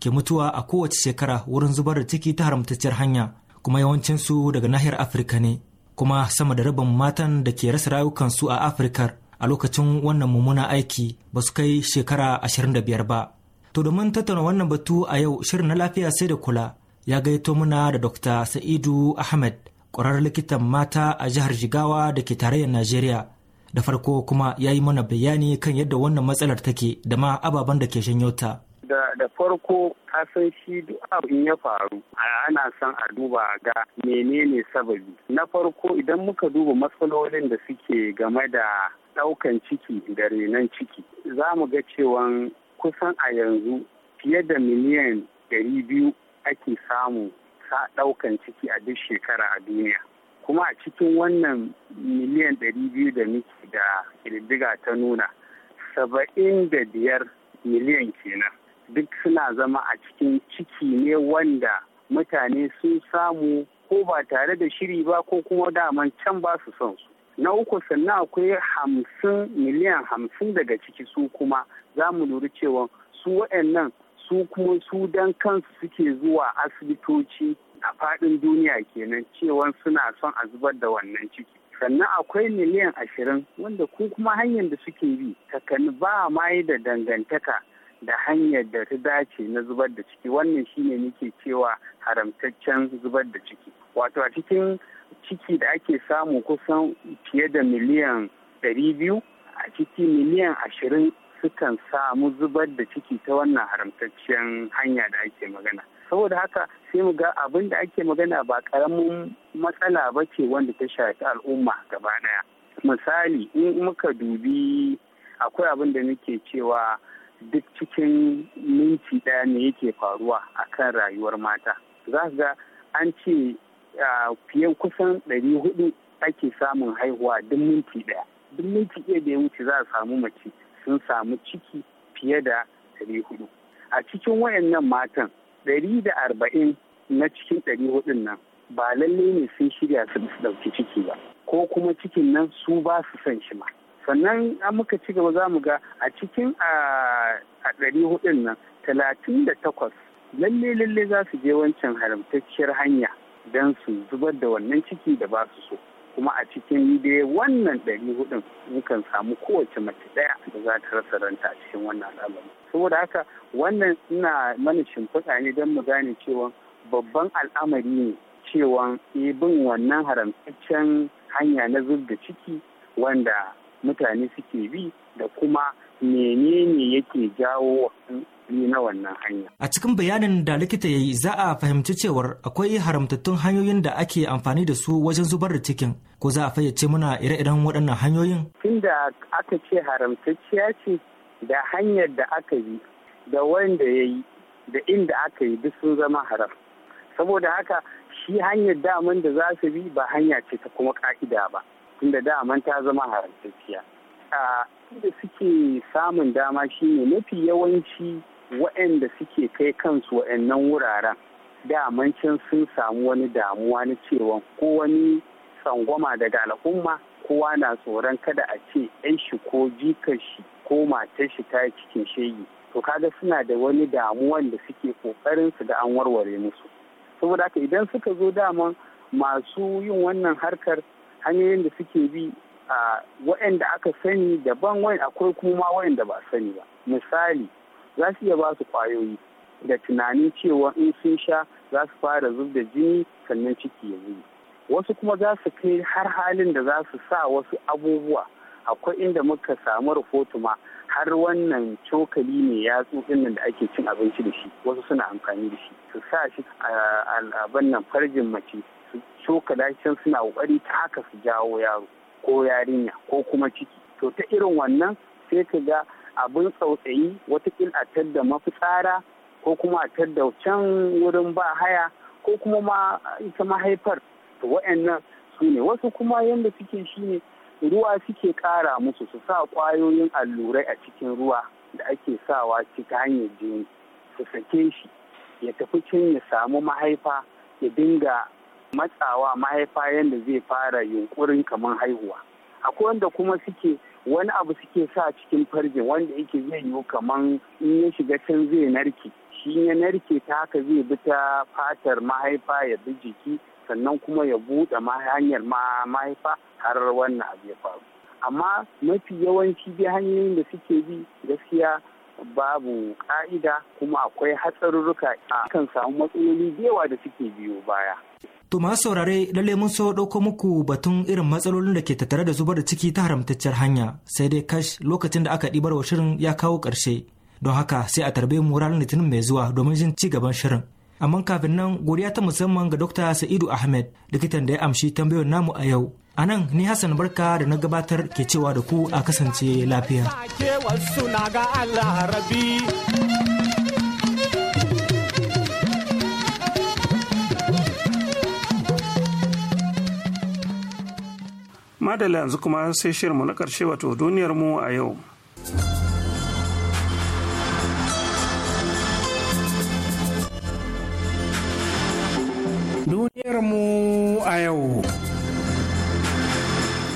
[SPEAKER 4] ke mutuwa a kowace shekara wurin zubar da ciki ta haramtacciyar hanya kuma yawancinsu daga nahiyar afirka ne kuma sama da rabin matan da ke rasa rayukansu a afirkar a lokacin wannan mummunan aiki ba su kai shekara ashirin da ba to domin tattauna wannan batu a yau shirin na lafiya sai da kula ya gaito muna da dr sa'idu ahmed ƙwarar likitan mata a jihar Jigawa da ke tarayyar Najeriya. Da farko kuma ya yi mana bayani kan yadda wannan matsalar take da ma ababen da ke shanyo ta.
[SPEAKER 7] da farko ta san shi duk in ya faru ana son a duba ga menene sababi na farko idan muka duba matsalolin da suke game da ɗaukan ciki da renon ciki za mu ga cewa kusan a yanzu fiye da miliyan ɗari biyu ake samu ɗaukan ciki a duk shekara a duniya kuma a cikin wannan miliyan 200 da muke da ƙididdiga ta nuna 75 miliyan kenan duk suna zama a cikin ciki ne wanda mutane sun samu ko ba tare da shiri ba ko kuma daman can ba su son su na uku sannan akwai hamsin miliyan hamsin daga ciki su kuma za mu lura cewa su waɗannan su kuma su dan kansu suke zuwa asibitoci a fadin duniya kenan cewa suna son a zubar da wannan ciki sannan akwai miliyan ashirin wanda ku kuma hanyar da suke bi takan ba ma da dangantaka da hanyar da ta dace na zubar da ciki wannan shine nake cewa haramtaccen zubar da ciki wato a cikin ciki da ake samu kusan fiye da miliyan 200 a ciki miliyan ashirin sukan sa mu zubar da ciki ta wannan haramtacciyar hanya da ake magana saboda haka sai mu ga abin da ake magana ba karamin matsala ba ce wanda ta shafi al'umma gaba daya misali in muka dubi akwai abin da nake cewa duk cikin minti ɗaya ne yake faruwa akan rayuwar mata za ga an ce fiye kusan ɗari hudu ake samun haihuwa duk minti ɗaya duk minti ɗaya da ya wuce za a samu mace sun samu ciki fiye da hudu, a cikin wayannan matan da ɗari arba'in na cikin hudun nan ba lallai ne sun shirya su ɗauki ciki ba ko kuma cikin nan su ba su son shi ma sannan an muka ci gaba za mu ga a cikin a ɗari hudun nan talatin da takwas lallai-lallai za su je wancan haramtacciyar hanya don su zubar da wannan ciki da ba su so kuma a cikin dai wannan ɗari hudun mukan samu kowace mace ɗaya da za ta rasa ranta a cikin wannan al'amari saboda haka wannan ina mana shimfiɗa ne don mu gane cewa babban al'amari ne cewa eh, bin wannan haramtaccen hanya na zub da ciki wanda mutane suke bi da kuma menene yake jawo bi na wannan hanya.
[SPEAKER 4] A cikin bayanin da likita ya yi za a fahimci cewar akwai haramtattun hanyoyin da ake amfani da su wajen zubar da cikin ko za a fayyace muna ire-iren waɗannan hanyoyin?
[SPEAKER 7] Tunda aka ce haramtacciya ce da hanyar da aka yi da wanda ya yi da inda aka yi duk sun zama haram. Saboda haka shi hanyar daman da za su bi ba hanya ce ta kuma ka'ida ba tunda daman ta zama haramtacciya. da suke samun dama shine mafi yawanci waɗanda suke kai kansu waɗannan wuraren daman can sun samu wani damuwa na cewa ko wani tsangwama daga al'umma kowa na tsoron kada a ce 'yan shi ko jikar shi ko matar shi ta cikin shegi to kaga suna da wani damuwan da suke kokarin su da an warware musu saboda haka idan suka zo daman masu yin wannan harkar hanyoyin da suke bi a waɗanda aka sani daban akwai kuma waɗanda ba sani ba misali za su iya ba su kwayoyi da tunanin cewa in sun sha za su fara zub da jini sannan ciki ya zuyi wasu kuma za su kai har halin da za su sa wasu abubuwa akwai inda muka samu rahoto ma har wannan cokali ne ya nan da ake cin abinci da shi wasu suna amfani da shi su sa shi a nan farjin mace su cokala can suna kokari ta haka su jawo yaro ko yarinya ko kuma ciki to ta irin wannan sai ka ga abin tsautsayi watakila a tadda mafitsara ko kuma a tadda can wurin ba haya ko kuma ma ita mahaifar to wa'annan su ne wasu kuma yadda suke shi ne, ruwa suke kara musu su sa kwayoyin allurai a cikin ruwa da ake sawa cikin hanyar jini su sake shi ya tafi can ya samu mahaifa ya dinga matsawa mahaifa yadda zai fara yunkurin kamar haihuwa akwai wanda kuma suke wani abu suke sa cikin farji wanda yake zai yiwu kaman in ya shiga can zai narke shi ya narke ta haka zai bi ta fatar mahaifa ya bi jiki sannan kuma ya buɗe hanyar mahaifa har wannan abu ya faru amma mafi yawanci bi hanyoyin da suke bi gaskiya babu ka'ida kuma akwai hatsarurruka kan samu matsaloli da yawa da
[SPEAKER 3] suke biyo
[SPEAKER 4] baya To masu saurare lalle mun so ɗauko muku batun irin matsalolin da ke tattare da zubar da ciki ta haramtacciyar hanya sai dai kash lokacin da aka ɗibar wa shirin ya kawo ƙarshe. Don haka sai a tarbe mu ranar litinin mai zuwa domin jin ci gaban shirin. Amma kafin nan godiya ta musamman ga Dokta Sa'idu Ahmed likitan da ya amshi tambayoyin namu a yau. A nan ni Hassan Barka da na gabatar ke cewa da ku a kasance lafiya.
[SPEAKER 1] madalla yanzu kuma sai shirinmu na ƙarshe wato duniyarmu a yau.
[SPEAKER 5] Duniyarmu a yau.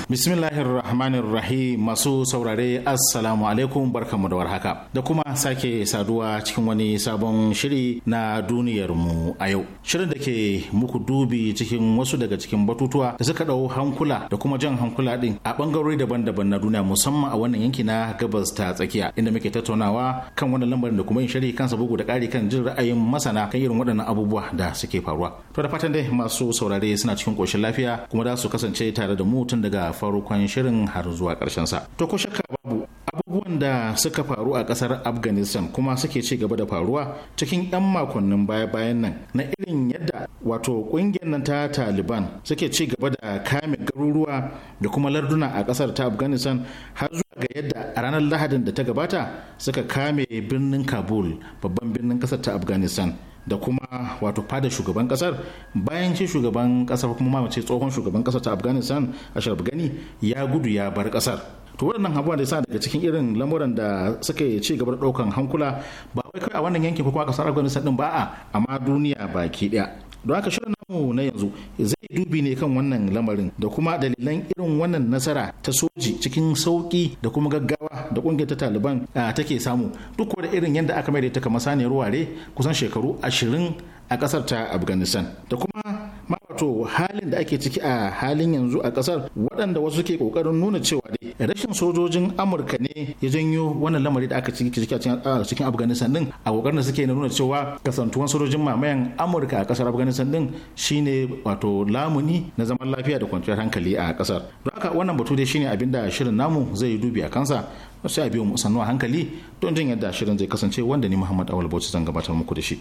[SPEAKER 5] Bismillahirrahmanirrahim masu saurare assalamu alaikum barkanmu da warhaka da kuma sake saduwa cikin wani sabon shiri na duniyarmu a yau. Shirin da ke muku dubi cikin wasu daga cikin batutuwa da suka ɗau hankula da kuma jan hankula ɗin a ɓangarori daban-daban na duniya musamman a wannan yanki na gabas ta tsakiya inda muke tattaunawa kan wannan lambarin da kuma yin shiri kansa bugu da kari kan jin ra'ayin masana kan irin waɗannan abubuwa da suke faruwa. To da fatan dai masu saurare suna cikin ƙoshin lafiya kuma za su kasance tare da mu tun daga farkon shirin har zuwa sa To ko shakka babu abubuwan da suka faru a ƙasar Afghanistan kuma suke ci gaba da faruwa cikin 'yan makonnin baya-bayan nan na irin yadda wato ƙungiyar nan ta Taliban suke ci gaba da kame garuruwa da kuma larduna a ƙasar ta Afghanistan har zuwa ga yadda a ranar Lahadin da ta gabata suka kame birnin Kabul babban birnin ƙasar ta Afghanistan. da kuma wato fada shugaban kasar bayan shi shugaban kasar kuma mace tsohon shugaban kasar ta afghanistan ashraf gani ya gudu ya bar kasar to waɗannan abubuwa da sa daga cikin irin lamuran da suke ci gaba da ɗaukan hankula ba wai kai a wannan yankin ko kuma kasar afghanistan din ba a amma duniya baki ɗaya don haka shirin namu na yanzu zai dubi ne kan wannan lamarin da kuma dalilan irin wannan nasara ta soji cikin sauki da kuma gaggawa da kungiyar ta taliban ah, take samu duk da irin yadda aka mai da ta kama saniyar ware kusan shekaru ashirin a kasar ta afghanistan da kuma ma wato halin da ake ciki a halin yanzu a kasar waɗanda wasu ke ƙoƙarin nuna cewa dai rashin sojojin amurka ne ya janyo wannan lamari da aka ciki a cikin afghanistan din a ƙoƙarin da suke nuna cewa kasantuwan sojojin mamayan amurka a kasar afghanistan din shine wato lamuni na zaman lafiya da kwanciyar hankali a kasar don haka wannan batu dai shine abin da shirin namu zai yi dubi a kansa sai a biyo mu a hankali don jin yadda shirin zai kasance wanda ni muhammad awal bauchi zan gabatar muku da shi.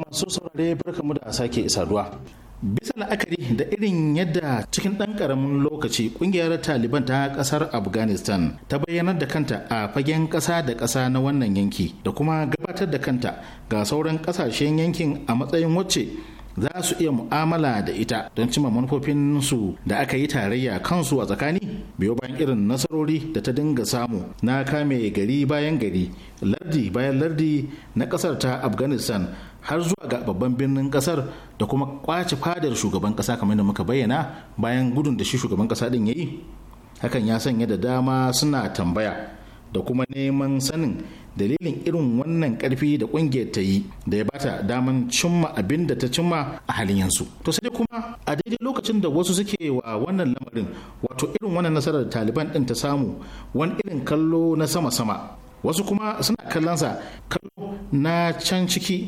[SPEAKER 5] masu saurare mu da sake saduwa bisa la'akari da irin yadda cikin ɗan ƙaramin lokaci ƙungiyar taliban ta ƙasar afghanistan ta bayyanar da kanta a fagen ƙasa da ƙasa na wannan yanki da kuma gabatar da kanta ga sauran ƙasashen yankin a matsayin wacce za su iya mu'amala da ita don cimma manufofinsu da aka yi tarayya kansu a tsakani biyo bayan irin nasarori da ta dinga samu na kame gari bayan gari lardi bayan lardi na kasar ta afghanistan har zuwa ga babban birnin kasar da kuma kwace fadar shugaban kasa kamar da muka bayyana bayan gudun da shi shugaban kasa din yayi hakan ya sanya da dama suna tambaya da kuma neman sanin dalilin irin wannan karfi da kungiyar ta yi da ya bata daman cimma abin da ta cimma a halin yanzu to sai kuma a daidai lokacin da wasu suke wa wannan lamarin wato irin wannan nasarar da taliban din ta samu wani irin kallo na sama-sama wasu kuma suna kallonsa kallo na can ciki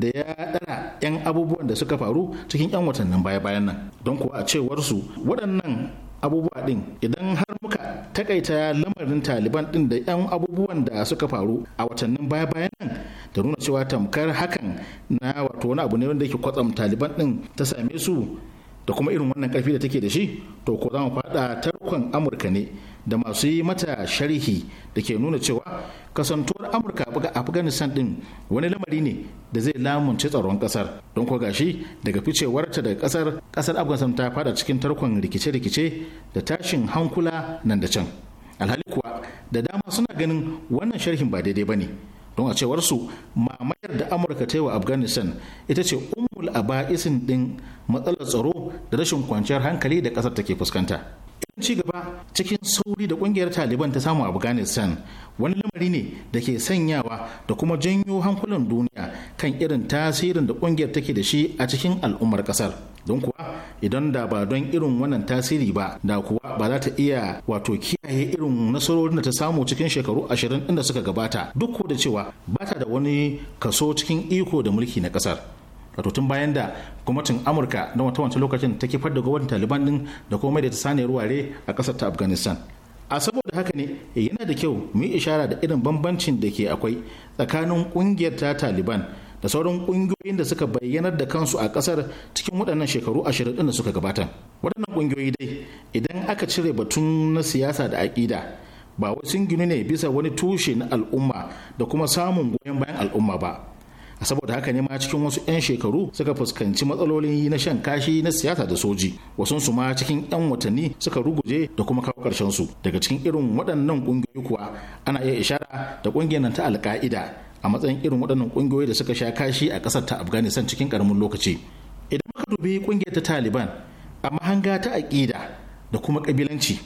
[SPEAKER 5] da ya dara 'yan abubuwan da suka faru cikin 'yan watannin baya-bayan nan don kuwa a cewarsu waɗannan abubuwa din idan har muka takaita lamarin taliban din da 'yan abubuwan da suka faru a watannin baya bayan nan da nuna cewa tamkar hakan na wato wani abu ne wanda yake kwatsam taliban din ta same su da kuma irin wannan karfi da take da shi to ko za mu faɗa tarkon amurka ne da masu yi mata sharhi da ke nuna cewa kasantuwar amurka a afghanistan din wani lamari ne da zai lamunce tsaron kasar don ko gashi daga ficewarta daga kasar kasar afghanistan ta fada cikin tarkon rikice-rikice da tashin hankula nan da can alhali kuwa da dama suna ganin wannan sharhin ba daidai ba ne don a cewar su mamayar da amurka ta yi wa afghanistan ita ce umul a aba'isin din matsalar tsaro da rashin kwanciyar hankali da kasar take fuskanta ci gaba cikin sauri da kungiyar taliban ta samu afghanistan wani lamari ne da ke sanyawa da kuma janyo hankulan duniya kan irin tasirin da kungiyar take da shi a cikin al'ummar kasar don kuwa idan da ba don irin wannan tasiri ba da kuwa ba za ta iya wato kiyaye irin nasarorin da ta samu cikin shekaru ashirin inda suka gabata duk da cewa ba ta da wani kaso cikin iko da mulki na kasar wato tun bayan da gwamnatin amurka na wata wancan lokacin ta kifar da gwamnatin taliban din da komai da ta sani ruware a kasar ta afghanistan a saboda haka ne yana da kyau mu yi ishara da irin bambancin da ke akwai tsakanin kungiyar ta taliban da sauran kungiyoyin da suka bayyanar da kansu a kasar cikin waɗannan shekaru ashirin ɗin da suka gabata waɗannan kungiyoyi dai idan aka cire batun na siyasa da aƙida ba wai sun ginu ne bisa wani tushe na al'umma da kuma samun goyon bayan al'umma ba saboda haka ne ma cikin wasu 'yan shekaru suka fuskanci matsaloli na shan kashi na siyasa da soji wasunsu ma cikin 'yan watanni suka ruguje da kuma kawo karshen su daga cikin irin waɗannan ƙungiyoyi kuwa ana iya ishara da ƙungiyar nan ta alka'ida a matsayin irin waɗannan ƙungiyoyi da suka sha kashi a ƙasar ta afghanistan cikin ƙaramin lokaci idan muka dubi ƙungiyar ta taliban a mahanga ta aƙida da kuma ƙabilanci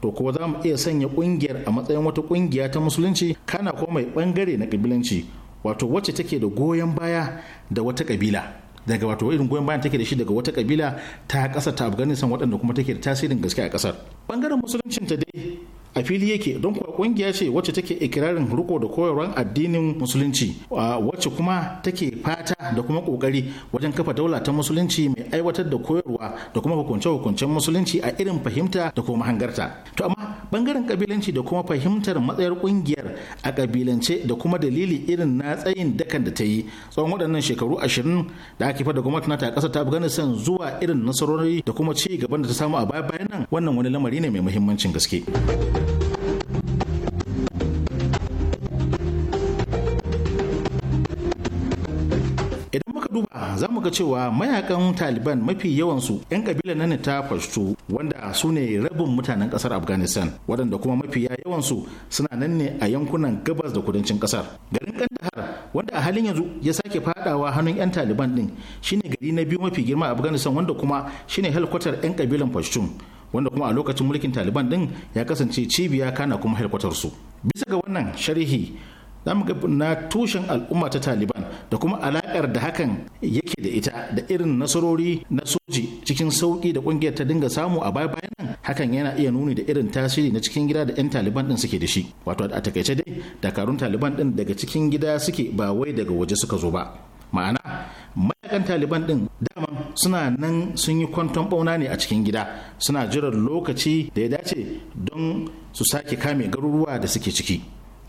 [SPEAKER 5] to kuwa za mu iya sanya ƙungiyar a matsayin wata ƙungiya ta musulunci kana ko mai bangare na kabilanci wato wacce take da goyon baya da wata kabila daga wato irin goyon bayan take da shi daga wata kabila ta kasar ta afghanistan waɗanda kuma take da tasirin gaske a kasar Ɓangaren musuluncin ta dai a fili yake don kuwa kungiya ce wacce take ikirarin riko da koyarwar addinin musulunci wacce kuma take fata da kuma kokari wajen kafa daula ta musulunci mai aiwatar da koyarwa da kuma hukunce-hukuncen musulunci a irin fahimta da kuma hangarta to amma bangaren kabilanci da kuma fahimtar matsayar kungiyar a kabilance da kuma dalili irin na tsayin dakan da ta yi tsawon waɗannan shekaru ashirin da aka da gwamnati na ta ƙasa ta afghanistan zuwa irin nasarori da kuma ci gaban da ta samu a baya bayan nan wannan wani lamari ne mai muhimmancin gaske. duba za mu ga cewa mayakan taliban mafi yawansu 'yan kabilar nan ta fashto wanda su ne rabin mutanen kasar afghanistan waɗanda kuma mafiya yawansu suna nan ne a yankunan gabas da kudancin kasar garin kandahar wanda a halin yanzu ya sake fadawa hannun 'yan taliban din shine gari na biyu mafi girma a afghanistan wanda kuma shine helkwatar 'yan kabilan fashtun wanda kuma a lokacin mulkin taliban din ya kasance cibiya kana kuma helkwatar su bisa ga wannan sharhi na tushen al'umma ta taliban da kuma alakar da hakan yake da ita da irin nasarori na soji cikin sauki da kungiyar ta dinga samu a baya bayan nan hakan yana iya nuni da irin tasiri na cikin gida da 'yan taliban din suke da shi wato a takaice dai dakarun taliban din daga cikin gida suke ba wai daga waje suka zo ba ma'ana mayakan taliban din dama suna nan sun yi kwanton bauna ne a cikin gida suna jiran lokaci da ya dace don su sake kame garuruwa da suke ciki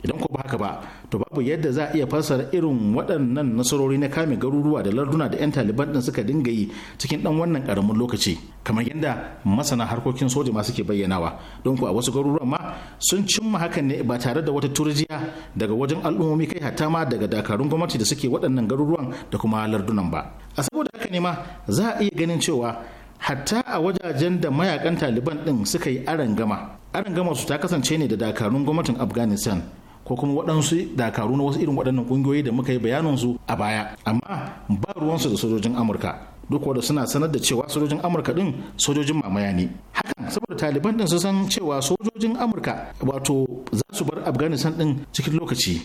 [SPEAKER 5] idan ku ba haka ba to babu yadda za a iya fassara irin waɗannan nasarori na kame garuruwa da larduna da 'yan taliban ɗin suka dinga yi cikin ɗan wannan ƙaramin lokaci kamar yadda masana harkokin soja ma suke bayyanawa don ku a wasu garuruwan ma sun cimma hakan ne ba tare da wata turjiya daga wajen al'ummomi kai hatta ma daga dakarun gwamnati da suke waɗannan garuruwan da kuma lardunan ba a saboda haka ne ma za a iya ganin cewa hatta a wajajen da mayakan taliban ɗin suka yi arangama aron gama su ta kasance ne da dakarun gwamnatin afghanistan ko kuma waɗansu dakaru na wasu irin waɗannan ƙungiyoyi da muka yi bayanin a baya amma ba ruwansu da sojojin amurka duk wanda suna sanar da cewa sojojin amurka din sojojin mamaya ne hakan saboda taliban din su san cewa sojojin amurka wato za su bar afghanistan din cikin lokaci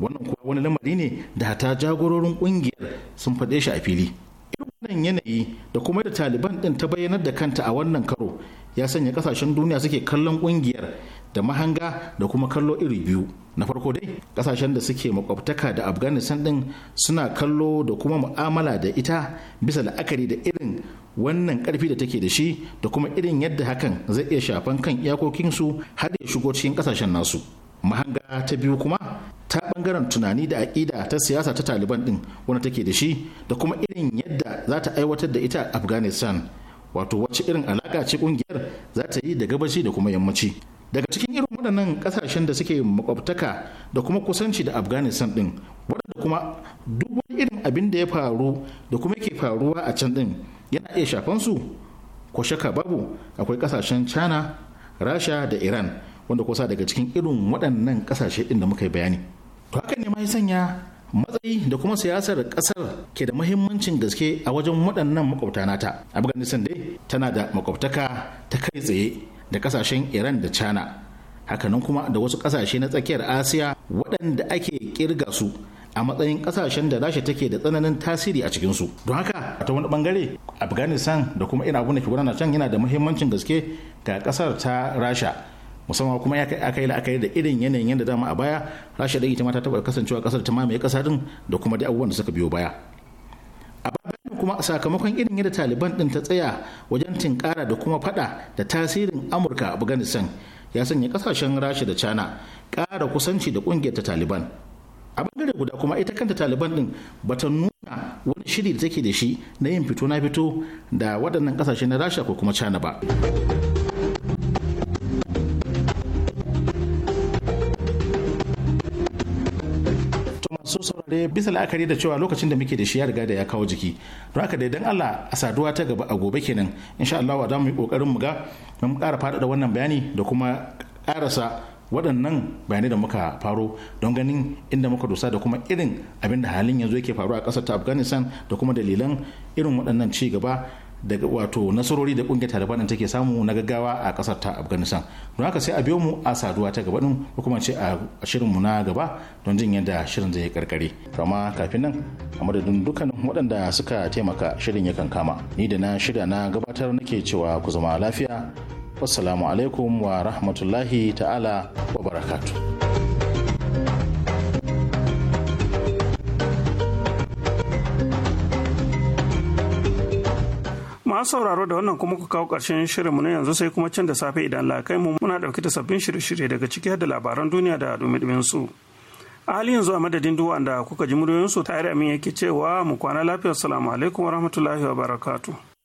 [SPEAKER 5] wannan kuwa wani lamari ne da hata jagororin ƙungiyar sun faɗe shi a fili irin wannan yanayi da kuma da taliban din ta bayyanar da kanta a wannan karo ya sanya kasashen duniya suke kallon ƙungiyar da mahanga da kuma kallo iri biyu na farko dai kasashen da suke makwabtaka da afghanistan din suna kallo da kuma mu'amala da ita bisa la'akari da irin wannan karfi da take da shi da kuma irin yadda hakan zai iya shafan kan iyakokinsu har ya shigo cikin kasashen nasu mahanga ta biyu kuma ta bangaren tunani da aƙida ta siyasa ta taliban din wanda take da shi da kuma irin yadda za ta aiwatar da ita afghanistan wato wacce irin alaƙa ce ƙungiyar za ta yi da gabashi da kuma yammaci daga cikin irin waɗannan ƙasashen da suke makwabtaka da kuma kusanci da afghanistan ɗin waɗanda kuma duk wani irin abin da ya faru da kuma yake faruwa a can ɗin yana iya shafan su ko shaka babu akwai ƙasashen china rasha da iran wanda kusa daga cikin irin waɗannan kasashe ɗin da muka yi bayani to hakan ne ma ya sanya matsayi da kuma siyasar ƙasar ke da mahimmancin gaske a wajen waɗannan makwabta nata afghanistan dai tana da makwabtaka ta kai tsaye da kasashen iran da china hakanan kuma da wasu kasashe na tsakiyar asiya waɗanda ake kirga su a matsayin kasashen da rasha take da tsananin tasiri a cikinsu don haka a ta wani bangare afghanistan da kuma ina abin da ke gudana can yana da muhimmancin gaske ga kasar ta rasha musamman kuma ya kai aka yi la'akari da irin yanayin yadda dama a baya rasha da ita ma ta taɓa kasancewa kasar ta mamaye kasa din da kuma da abubuwan da suka biyo baya a babban kuma sakamakon irin yadda taliban din ta tsaya wajen tinkara da kuma faɗa da tasirin amurka a afghanistan ya sanya kasashen rasha da china ƙara kusanci da kungiyar ta taliban a bangare guda kuma ita kanta taliban din bata nuna wani shiri da take da shi na yin fito na fito da waɗannan kasashe na rasha ko kuma china ba. masu saurare bisa la'akari da cewa lokacin da muke da shi ya riga da ya kawo jiki don haka dai dan Allah a saduwa ta gaba a gobe kenan insha Allah za mu yi kokarin mu ga mu ƙara faɗaɗa wannan bayani da kuma ƙarasa waɗannan bayanai da muka faro don ganin inda muka dosa da kuma irin abin da halin yanzu yake faru a ƙasar ta afghanistan da kuma dalilan irin waɗannan ci gaba daga wato nasarori da kungiyar taliban take samu na gaggawa a kasar ta afghanistan don haka sai a biyo mu a saduwa ta gaba din ko kuma ce a shirin mu na gaba don jin yadda shirin zai karkare amma kafin nan a madadin dukkanin waɗanda suka taimaka shirin ya kama ni da na shirya na gabatar nake cewa ku zama lafiya wassalamu alaikum wa rahmatullahi ta'ala wa barakatuh
[SPEAKER 1] masu sauraro da wannan kuma ku kawo ƙarshen shirinmu na yanzu sai kuma can da safe idan lakai mu muna ɗauki da sabbin shirye-shirye daga ciki da labaran duniya da dumi su. A hali yanzu a madadin duk da kuka ji muryoyinsu tare amin yake cewa mu kwana lafiyar salamu alaikum wa rahmatullahi wa barakatu.